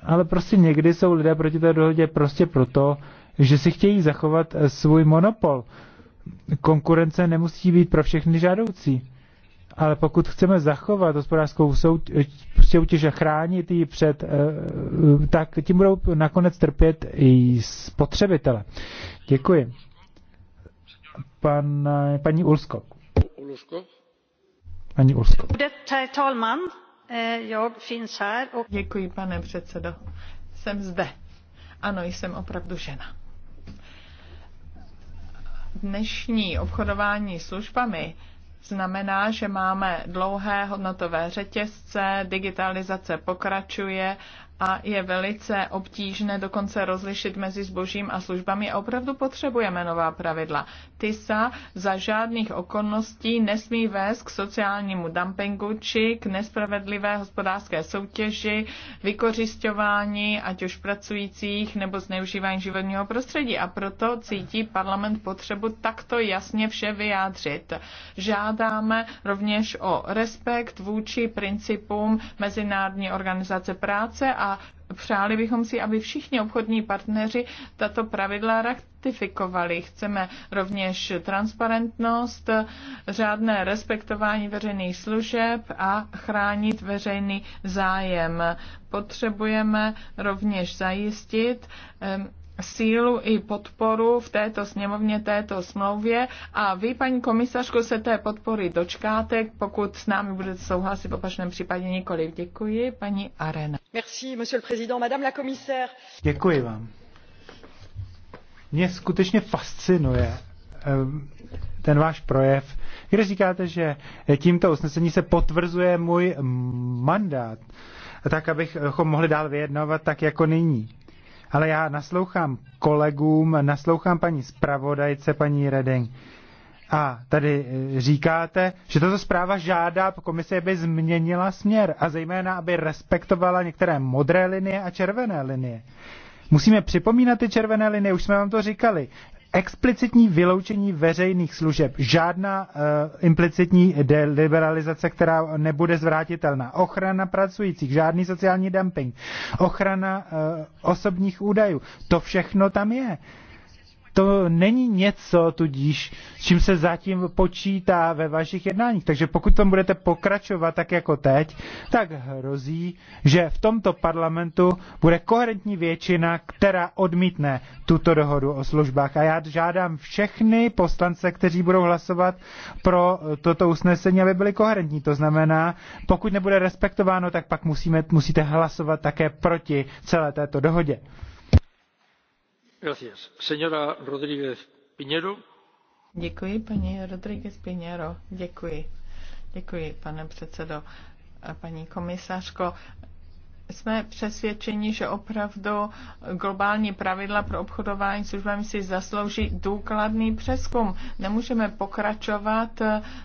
Ale prostě někdy jsou lidé proti té dohodě prostě proto, že si chtějí zachovat eh, svůj monopol. Konkurence nemusí být pro všechny žádoucí. Ale pokud chceme zachovat hospodářskou eh, soutěž a chránit ji před, eh, tak tím budou nakonec trpět i spotřebitele. Děkuji. Pan, paní Ulskok. Ulskok. Paní eh, Děkuji, pane předsedo. Jsem zde. Ano, jsem opravdu žena. Dnešní obchodování službami znamená, že máme dlouhé hodnotové řetězce, digitalizace pokračuje a je velice obtížné dokonce rozlišit mezi zbožím a službami a opravdu potřebujeme nová pravidla. Ty se za žádných okolností nesmí vést k sociálnímu dumpingu či k nespravedlivé hospodářské soutěži, vykořišťování ať už pracujících nebo zneužívání životního prostředí a proto cítí parlament potřebu takto jasně vše vyjádřit. Žádáme rovněž o respekt vůči principům Mezinárodní organizace práce a a přáli bychom si, aby všichni obchodní partneři tato pravidla ratifikovali. Chceme rovněž transparentnost, řádné respektování veřejných služeb a chránit veřejný zájem. Potřebujeme rovněž zajistit sílu i podporu v této sněmovně, této smlouvě a vy, paní komisařko, se té podpory dočkáte, pokud s námi budete souhlasit, v opačném případě nikoliv. Děkuji, paní Arena. Merci, monsieur le président, madame la commissaire. Děkuji vám. Mě skutečně fascinuje ehm, ten váš projev, kde říkáte, že tímto usnesení se potvrzuje můj mandát, tak abychom mohli dál vyjednávat tak jako nyní. Ale já naslouchám kolegům, naslouchám paní zpravodajce, paní Reding. A tady eh, říkáte, že tato zpráva žádá komisi, aby změnila směr a zejména, aby respektovala některé modré linie a červené linie. Musíme připomínat ty červené linie, už jsme vám to říkali explicitní vyloučení veřejných služeb, žádná uh, implicitní deliberalizace, která nebude zvrátitelná, ochrana pracujících, žádný sociální dumping, ochrana uh, osobních údajů, to všechno tam je. Uh, to není něco, tudíž, s čím se zatím počítá ve vašich jednáních. Takže pokud tam budete pokračovat tak jako teď, tak hrozí, že v tomto parlamentu bude koherentní většina, která odmítne tuto dohodu o službách. A já žádám všechny poslance, kteří budou hlasovat pro toto usnesení, aby byli koherentní. To znamená, pokud nebude respektováno, tak pak musíme, musíte hlasovat také proti celé této dohodě. Děkuji, paní Rodríguez Piñero. Děkuji. Děkuji, pane předsedo. Paní komisařko, jsme přesvědčeni, že opravdu globální pravidla pro obchodování s službami si zaslouží důkladný přeskum. Nemůžeme pokračovat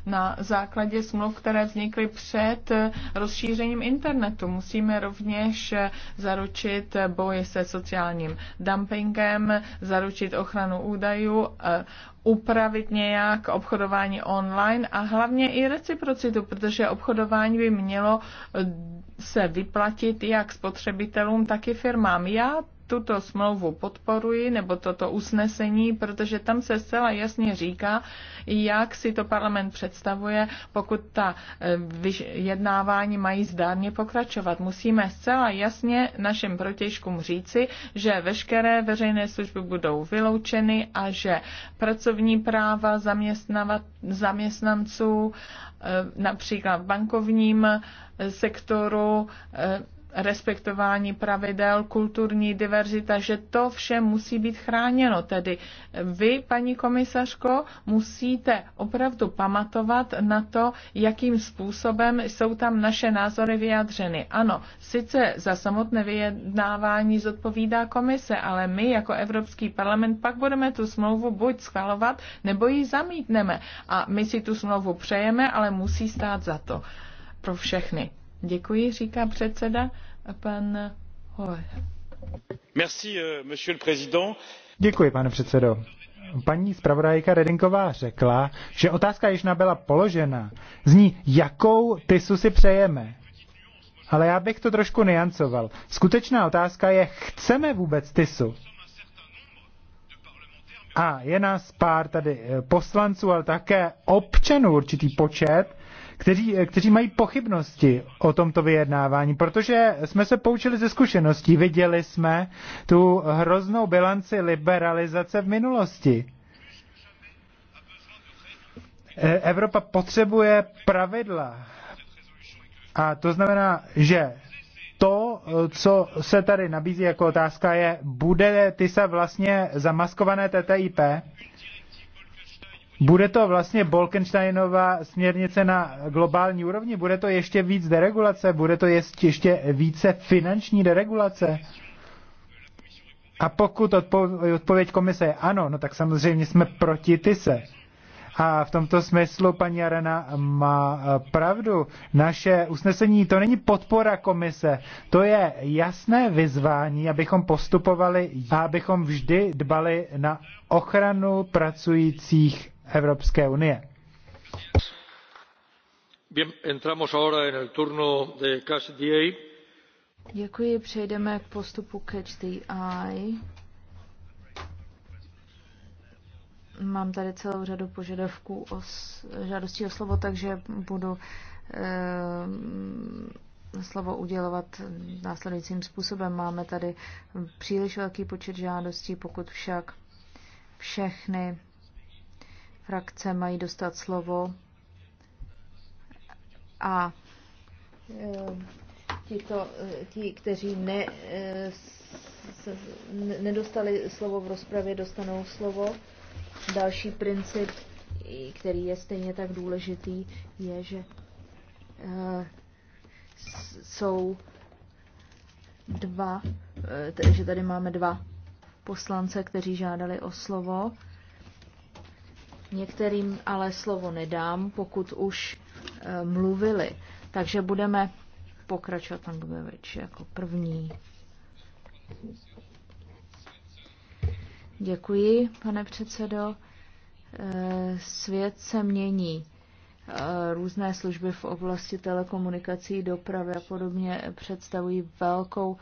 na základě smluv, které vznikly před rozšířením internetu. Musíme rovněž zaručit boj se sociálním dumpingem, zaručit ochranu údajů, upravit nějak obchodování online a hlavně i reciprocitu, protože obchodování by mělo se vyplatit jak spotřebitelům, tak i firmám. Já tuto smlouvu podporuji, nebo toto usnesení, protože tam se zcela jasně říká, jak si to parlament představuje, pokud ta eh, jednávání mají zdárně pokračovat. Musíme zcela jasně našim protěžkům říci, že veškeré veřejné služby budou vyloučeny a že pracovní práva zaměstnanců, eh, například v bankovním eh, sektoru, respektování pravidel, kulturní diverzita, že to vše musí být chráněno. Tedy vy, paní komisařko, musíte opravdu pamatovat na to, jakým způsobem jsou tam naše názory vyjadřeny. Ano, sice za samotné vyjednávání zodpovídá komise, ale my jako Evropský parlament pak budeme tu smlouvu buď schvalovat, nebo ji zamítneme. A my si tu smlouvu přejeme, ale musí stát za to pro všechny. Děkuji, říká předseda a pan Hohe. Merci, euh, monsieur le président. Děkuji, pane předsedo. Paní zpravodajka Redinková řekla, že otázka již nabyla položena. Zní, jakou tisu si přejeme. Ale já bych to trošku niancoval. Skutečná otázka je, chceme vůbec tisu? A je nás pár tady eh, poslanců, ale také občanů určitý počet, kteří, eh, kteří mají pochybnosti o tomto vyjednávání, protože jsme se poučili ze zkušeností, viděli jsme tu hroznou bilanci liberalizace v minulosti. E, Evropa potřebuje pravidla. A to znamená, že to, co se tady nabízí jako otázka, je, bude TISA vlastně zamaskované TTIP? Bude to vlastně Bolkensteinová směrnice na globální úrovni? Bude to ještě víc deregulace? Bude to ještě více finanční deregulace? A pokud odpověď komise je ano, no tak samozřejmě jsme proti tyse. A v tomto smyslu paní Arena má eh, pravdu. Naše usnesení to není podpora komise, to je jasné vyzvání, abychom postupovali a abychom vždy dbali na ochranu pracujících Evropské unie. Děkuji, přejdeme k postupu Catch the Eye. Mám tady celou řadu požadavků o žádostí o slovo, takže budu e, slovo udělovat následujícím způsobem. Máme tady příliš velký počet žádostí, pokud však všechny frakce mají dostat slovo a e, tito, e, ti, kteří e, ne, nedostali slovo v rozpravě, dostanou slovo. Další princip, který je stejně tak důležitý, je, že jsou dva, že tady máme dva poslance, kteří žádali o slovo. Některým ale slovo nedám, pokud už e, mluvili. Takže budeme pokračovat, pan Bugevič, jako první. Děkuji, pane předsedo. E, svět se mění. E, různé služby v oblasti telekomunikací, dopravy a podobně představují velkou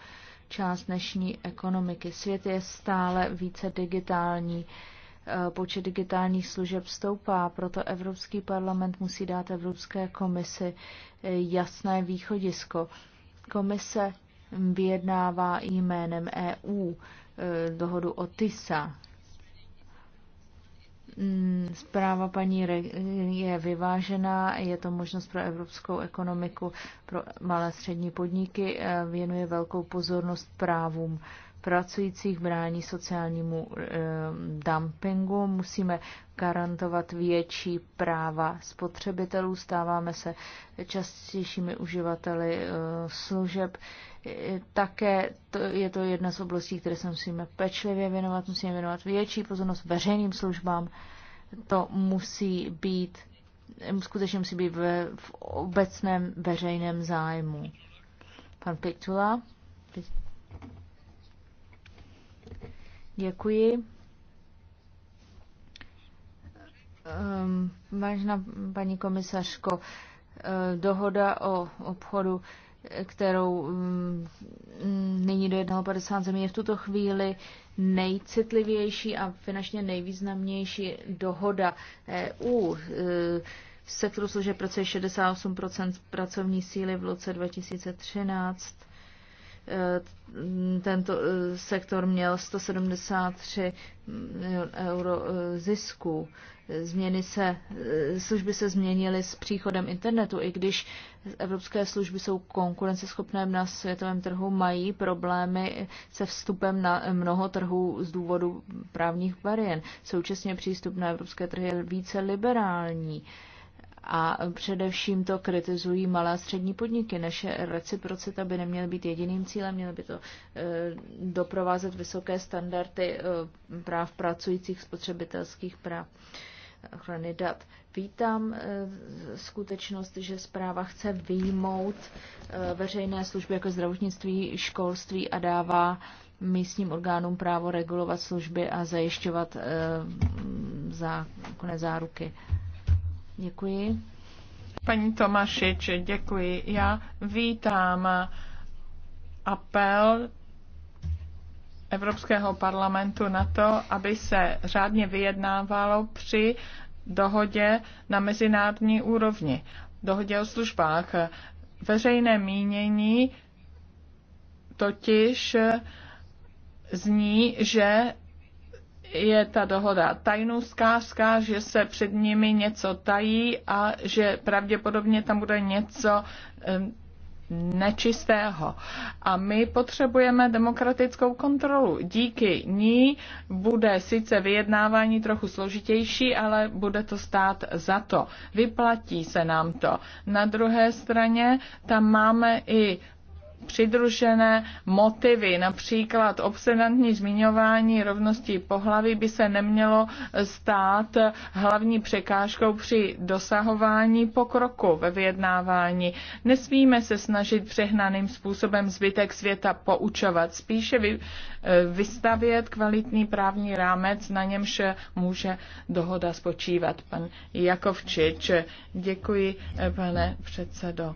část dnešní ekonomiky. Svět je stále více digitální. E, Eh, počet digitálních služeb stoupá, proto Evropský parlament musí dát Evropské komisi eh, jasné východisko. Komise vyjednává jménem EU eh, dohodu o TISA. Mm, zpráva paní je vyvážená, je to možnost pro evropskou ekonomiku, pro malé střední podniky, věnuje velkou pozornost právům pracujících brání sociálnímu eh, dumpingu. Musíme garantovat větší práva spotřebitelů. Stáváme se častějšími uživateli eh, služeb. Eh, také to, je to jedna z oblastí, které se musíme pečlivě věnovat. Musíme věnovat větší pozornost veřejným službám. To musí být skutečně musí být v, v obecném veřejném zájmu. Pan Piktula. Děkuji. Ehm, vážná paní komisařko, eh, dohoda o obchodu, kterou mm, nyní do 51 zemí je v tuto chvíli nejcitlivější a finančně nejvýznamnější dohoda EU. Eh, v sektoru služeb pracuje 68 pracovní síly v roce 2013 Eh, tento eh, sektor měl 173 euro eh, zisku. Změny se, služby se změnily s příchodem internetu, i když evropské služby jsou konkurenceschopné na světovém trhu, mají problémy se vstupem na mnoho trhů z důvodu právních bariér. Současně přístup na evropské trhy je více liberální. Uh, a především to kritizují malé a střední podniky. Naše reciprocita by neměla být jediným cílem, měla by to e, doprovázet vysoké standardy e, práv pracujících spotřebitelských práv ochrany dat. Vítám e, skutečnost, že zpráva chce výjmout veřejné služby jako zdravotnictví, školství a dává místním orgánům právo regulovat služby a zajišťovat zákonné záruky. Děkuji. Paní Tomašič, děkuji. Já vítám apel Evropského parlamentu na to, aby se řádně vyjednávalo při dohodě na mezinárodní úrovni, dohodě o službách. Veřejné mínění totiž zní, že je ta dohoda tajnůskářská, že se před nimi něco tají a že pravděpodobně tam bude něco nečistého. A my potřebujeme demokratickou kontrolu. Díky ní bude sice vyjednávání trochu složitější, ale bude to stát za to. Vyplatí se nám to. Na druhé straně tam máme i přidružené motivy, například obsedantní zmiňování rovnosti pohlaví by se nemělo stát hlavní překážkou při dosahování pokroku ve vyjednávání. Nesmíme se snažit přehnaným způsobem zbytek světa poučovat, spíše vy, eh, vystavět kvalitní právní rámec, na němž může dohoda spočívat. Pan Jakovčič, děkuji, eh, pane předsedo.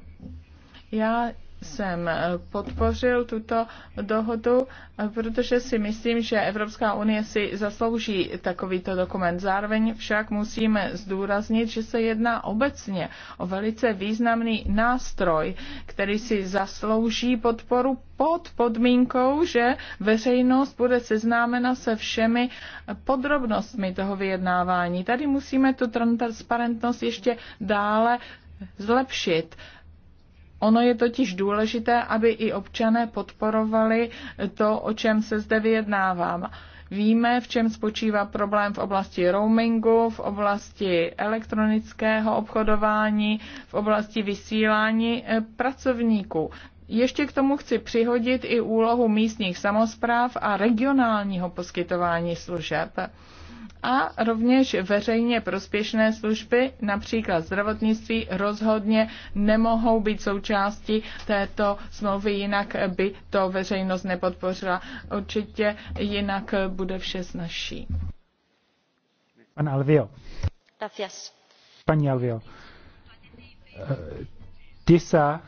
Já jsem eh, podpořil tuto dohodu, eh, protože si myslím, že Evropská unie si zaslouží takovýto dokument. Zároveň však musíme zdůraznit, že se jedná obecně o velice významný nástroj, který si zaslouží podporu pod podmínkou, že veřejnost bude seznámena se všemi podrobnostmi toho vyjednávání. Tady musíme tu transparentnost ještě dále zlepšit Ono je totiž důležité, aby i občané podporovali to, o čem se zde vyjednávám. Víme, v čem spočívá problém v oblasti roamingu, v oblasti elektronického obchodování, v oblasti vysílání eh, pracovníků. Ještě k tomu chci přihodit i úlohu místních samozpráv a regionálního poskytování služeb a rovněž veřejně prospěšné služby, například zdravotnictví, rozhodně nemohou být součástí této smlouvy, jinak by to veřejnost nepodpořila. Určitě jinak bude vše snažší. Pan Alvio. Gracias. Pani Alvio. Eh, TISA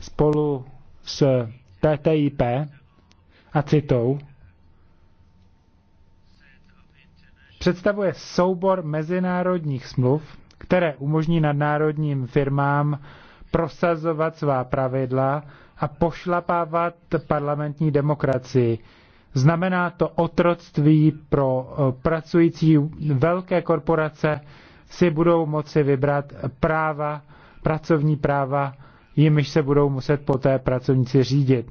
spolu s TTIP a CITou představuje soubor mezinárodních smluv, které umožní nadnárodním firmám prosazovat svá pravidla a pošlapávat parlamentní demokracii. Znamená to otroctví pro eh, pracující velké korporace si budou moci vybrat práva, pracovní práva, jimiž se budou muset poté pracovníci řídit.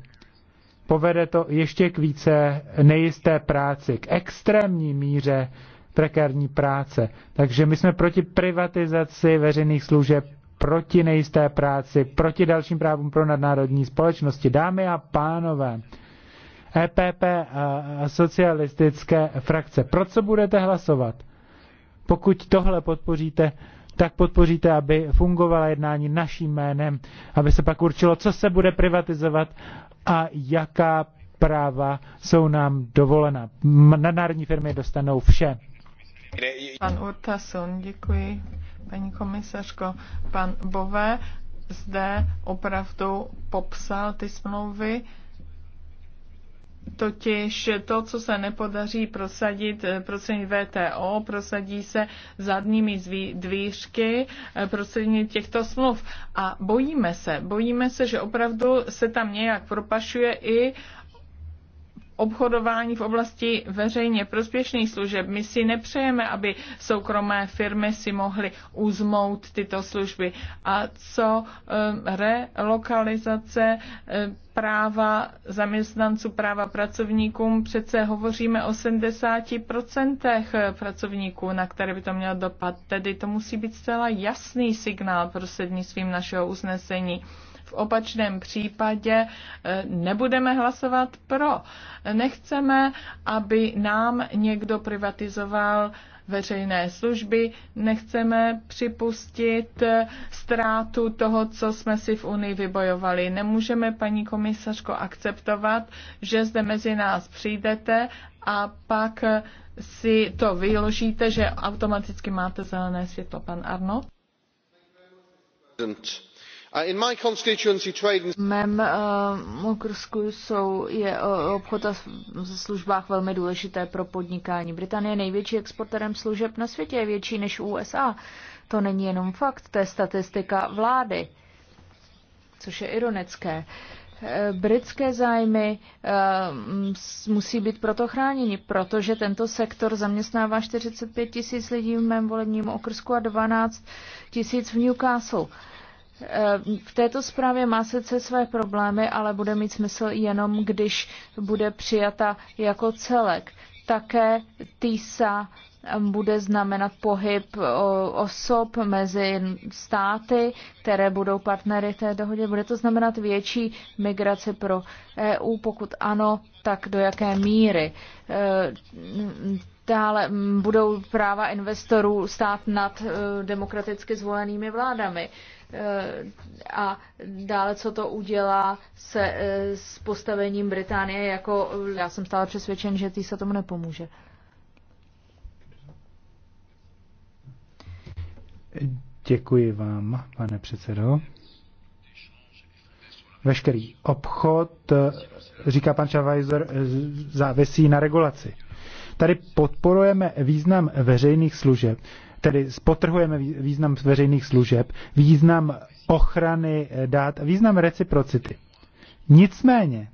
Povede to ještě k více nejisté práci, k extrémní míře prekární práce. Takže my jsme proti privatizaci veřejných služeb, proti nejisté práci, proti dalším právům pro nadnárodní společnosti. Dámy a pánové, EPP a socialistické frakce, pro co budete hlasovat? Pokud tohle podpoříte, tak podpoříte, aby fungovala jednání naším jménem, aby se pak určilo, co se bude privatizovat a jaká práva jsou nám dovolena. Nadnárodní firmy dostanou vše. Pan Urtasun, děkuji. Paní komisařko, pan Bové zde opravdu popsal ty smlouvy, Totiž to, co se nepodaří prosadit prostřední VTO, prosadí se zadními dvířky eh, prostřední těchto smluv. A bojíme se, bojíme se, že opravdu se tam nějak propašuje i obchodování v oblasti veřejně prospěšných služeb. My si nepřejeme, aby soukromé firmy si mohly uzmout tyto služby. A co eh, relokalizace eh, práva zaměstnanců, práva pracovníkům, přece hovoříme o 70% eh, pracovníků, na které by to mělo dopad. Tedy to musí být zcela jasný signál prostřednictvím našeho usnesení. V opačném případě eh, nebudeme hlasovat pro. Nechceme, aby nám někdo privatizoval veřejné služby, nechceme připustit eh, ztrátu toho, co jsme si v Unii vybojovali. Nemůžeme, paní komisařko, akceptovat, že zde mezi nás přijdete a pak eh, si to vyložíte, že automaticky máte zelené světlo. Pan Arno? V mém eh, okrsku jsou, je eh, obchod a službách velmi důležité pro podnikání. Británie je největší exportérem služeb na světě, je větší než USA. To není jenom fakt, to je statistika vlády, což je ironické. Eh, britské zájmy musí být proto chráněni, protože tento sektor zaměstnává 45 tisíc lidí v mém volebním okrsku a 12 tisíc v Newcastle. Eh, v této zprávě má sice své problémy, ale bude mít smysl jenom, když bude přijata jako celek. Také TISA bude znamenat pohyb osob mezi státy, které budou partnery té dohodě. Bude to znamenat větší migraci pro EU? Pokud ano, tak do jaké míry? Eh, Dále mm, budou práva investorů stát nad eh, demokraticky zvolenými vládami. Eh, a dále, co to udělá se, eh, s postavením Británie, jako já jsem stále přesvědčen, že tý se tomu nepomůže. Děkuji vám, pane předsedo. Veškerý obchod, říká pan Schaweiser, závisí na regulaci. Tady podporujeme význam veřejných služeb, tedy spotrhujeme význam veřejných služeb, význam ochrany eh, dát, význam reciprocity. Nicméně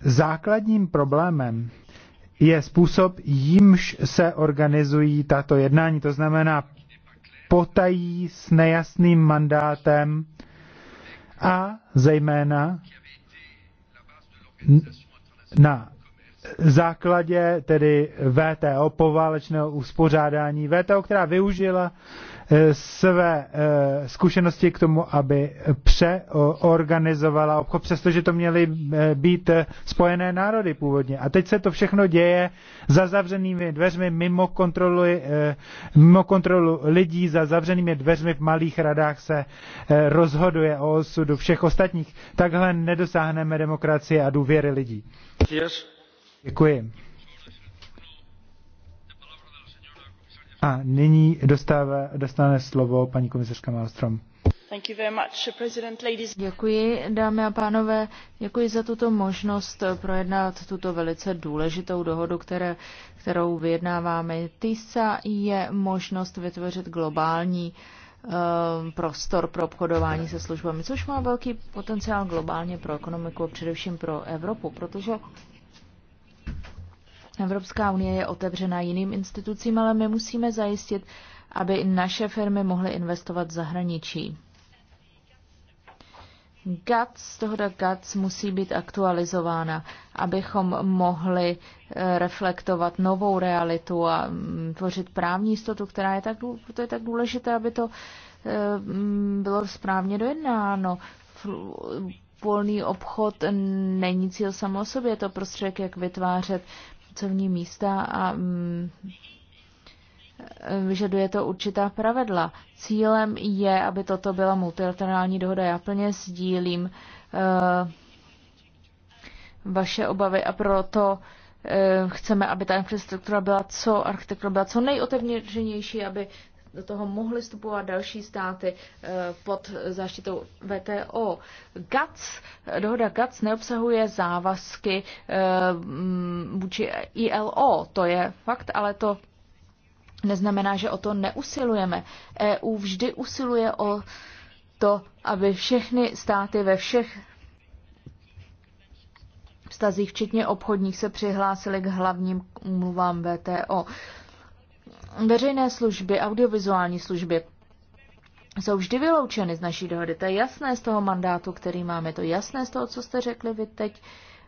základním problémem je způsob, jimž se organizují tato jednání, to znamená potají s nejasným mandátem a zejména na základě tedy VTO poválečného uspořádání, VTO, která využila e, své e, zkušenosti k tomu, aby přeorganizovala obchod, přestože to měly e, být spojené národy původně. A teď se to všechno děje za zavřenými dveřmi, mimo kontrolu, mimo kontrolu lidí, za zavřenými dveřmi v malých radách se rozhoduje o osudu všech ostatních. Takhle nedosáhneme demokracie a důvěry lidí. Yes. Děkuji. A nyní dostává, dostane slovo paní komisařka Malmström. Děkuji, dámy a pánové, děkuji za tuto možnost projednat tuto velice důležitou dohodu, které, kterou vyjednáváme. TISA je možnost vytvořit globální eh, prostor pro obchodování se službami, což má velký potenciál globálně pro ekonomiku a především pro Evropu, protože Evropská unie je otevřena jiným institucím, ale my musíme zajistit, aby naše firmy mohly investovat v zahraničí. GATS, dohoda GATS musí být aktualizována, abychom mohli eh, reflektovat novou realitu a mm, tvořit právní jistotu, která je tak, to je tak důležité, aby to eh, mm, bylo správně dojednáno. Volný obchod není cíl samo sobě, je to prostředek, jak vytvářet pracovní místa a mm, vyžaduje to určitá pravidla. Cílem je, aby toto byla multilaterální dohoda. Já plně sdílím uh, vaše obavy a proto uh, chceme, aby ta infrastruktura byla co, architektura byla co nejotevřenější, aby do toho mohly vstupovat další státy eh, pod záštitou VTO. GATS, dohoda GATS neobsahuje závazky eh, vůči ILO, to je fakt, ale to neznamená, že o to neusilujeme. EU vždy usiluje o to, aby všechny státy ve všech vztazích, včetně obchodních, se přihlásily k hlavním úmluvám VTO veřejné služby, audiovizuální služby jsou vždy vyloučeny z naší dohody. To je jasné z toho mandátu, který máme, to je jasné z toho, co jste řekli vy teď,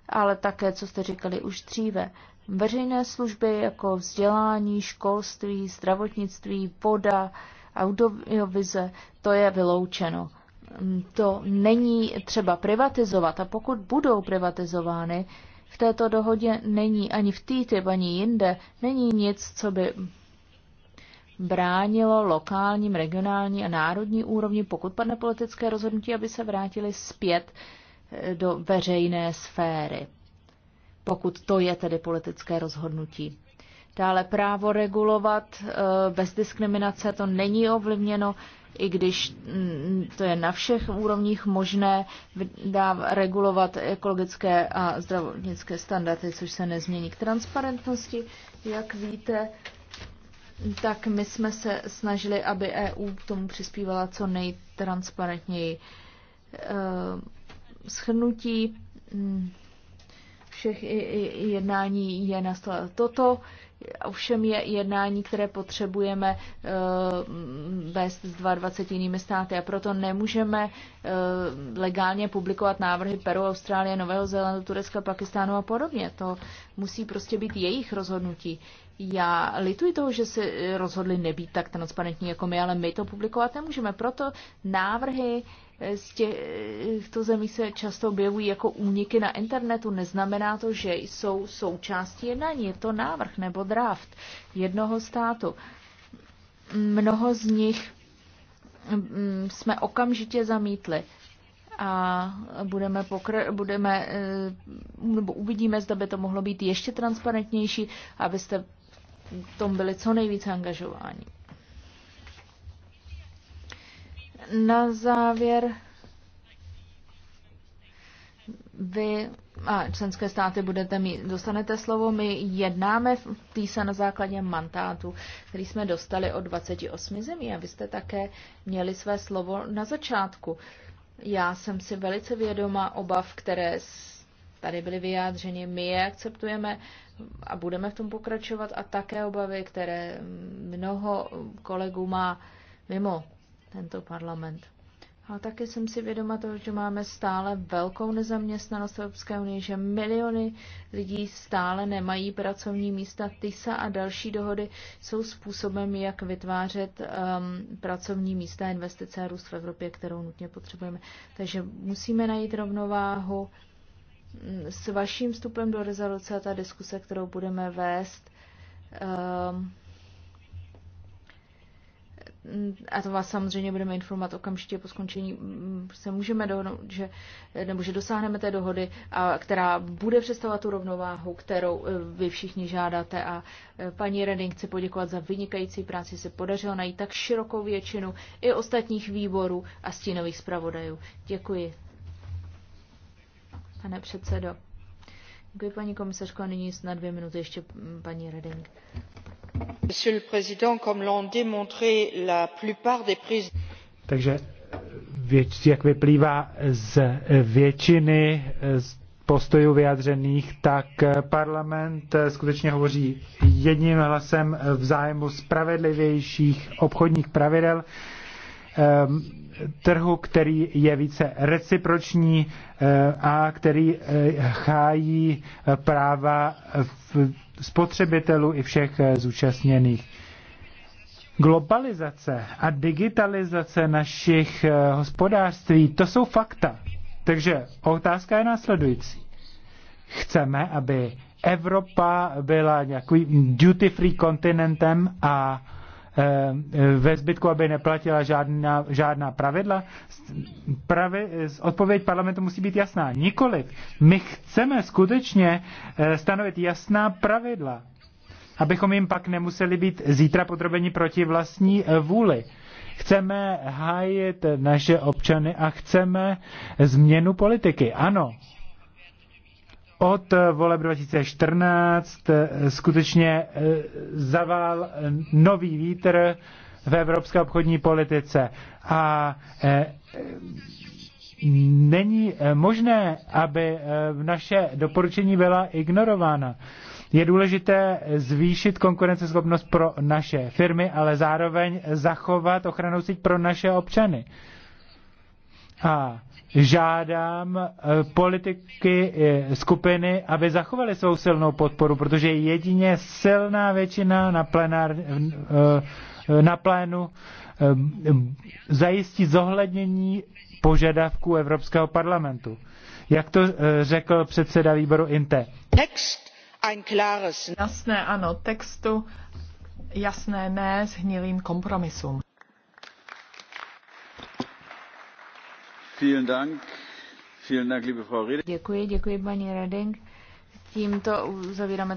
ale také, co jste říkali už dříve. Veřejné služby jako vzdělání, školství, zdravotnictví, voda, audiovize, to je vyloučeno. To není třeba privatizovat a pokud budou privatizovány, v této dohodě není ani v TTIP, ani jinde, není nic, co by bránilo lokálním, regionální a národní úrovni, pokud padne politické rozhodnutí, aby se vrátili zpět eh, do veřejné sféry, pokud to je tedy politické rozhodnutí. Dále právo regulovat eh, bez diskriminace, to není ovlivněno, i když mm, to je na všech úrovních možné dá regulovat ekologické a zdravotnické standardy, což se nezmění k transparentnosti. Jak víte, tak my jsme se snažili, aby EU k tomu přispívala co nejtransparentněji. Eh, Schrnutí mm, všech jednání je na stole toto. Ovšem je jednání, které potřebujeme eh, vést s 22 jinými státy a proto nemůžeme eh, legálně publikovat návrhy Peru, Austrálie, Nového Zélandu, Turecka, Pakistánu a podobně. To musí prostě být jejich rozhodnutí. Já lituji toho, že se eh, rozhodli nebýt tak transparentní jako my, ale my to publikovat nemůžeme. Proto návrhy eh, z těchto eh, zemí se často objevují jako úniky na internetu. Neznamená to, že jsou součástí jednání. Je to návrh nebo draft jednoho státu. Mnoho z nich mm, jsme okamžitě zamítli a budeme, pokr- budeme nebo uvidíme, zda by to mohlo být ještě transparentnější, abyste tom byli co nejvíce angažováni. Na závěr vy a členské státy budete mít, dostanete slovo, my jednáme v týse na základě mandátu, který jsme dostali od 28 zemí a vy jste také měli své slovo na začátku. Já jsem si velice vědoma obav, které tady byly vyjádřeny, my je akceptujeme a budeme v tom pokračovat a také obavy, které mnoho kolegů má mimo tento parlament. Ale také jsem si vědoma toho, že máme stále velkou nezaměstnanost v Evropské unii, že miliony lidí stále nemají pracovní místa. TISA a další dohody jsou způsobem, jak vytvářet um, pracovní místa, investice a růst v Evropě, kterou nutně potřebujeme. Takže musíme najít rovnováhu s vaším vstupem do rezoluce a ta diskuse, kterou budeme vést, ehm, a to vás samozřejmě budeme informovat okamžitě po skončení, mm, se můžeme dohodnout, že, nebo že dosáhneme té dohody, a, která bude představovat tu rovnováhu, kterou e, vy všichni žádáte. A e, paní Reding chci poděkovat za vynikající práci, se podařilo najít tak širokou většinu i ostatních výborů a stínových zpravodajů. Děkuji pane předsedo. Děkuji, paní komisařko, a nyní snad dvě minuty ještě mm, paní Reding. Takže věč, jak vyplývá z většiny z postojů vyjádřených, tak parlament skutečně hovoří jedním hlasem v zájmu spravedlivějších obchodních pravidel Ehm, trhu, který je více reciproční eh, a který eh, chájí eh, práva spotřebitelů i všech zúčastněných. Globalizace a digitalizace našich hospodářství, to jsou fakta. Takže otázka je následující. Chceme, aby Evropa byla nějakým duty-free kontinentem a Eh, ve zbytku, aby neplatila žádná, žádná pravidla? Pravi, odpověď parlamentu musí být jasná. Nikoliv. My chceme skutečně eh, stanovit jasná pravidla, abychom jim pak nemuseli být zítra podrobeni proti vlastní eh, vůli. Chceme hájit naše občany a chceme změnu politiky. Ano, od eh, voleb 2014 eh, skutečně eh, zavál nový vítr v evropské obchodní politice. A není možné, aby naše doporučení byla ignorována. Je důležité zvýšit konkurenceschopnost pro naše firmy, ale zároveň zachovat ochranou síť pro naše občany. A žádám eh, politiky eh, skupiny, aby zachovali svou silnou podporu, protože jedině silná většina na, plenár, eh, na plénu zajistí zohlednění požadavků Evropského parlamentu. Jak to řekl předseda výboru INTE? Text ein klares. Jasné ano, textu jasné ne s hnilým kompromisům. Děkuji, děkuji paní Reding. Tímto uzavíráme ten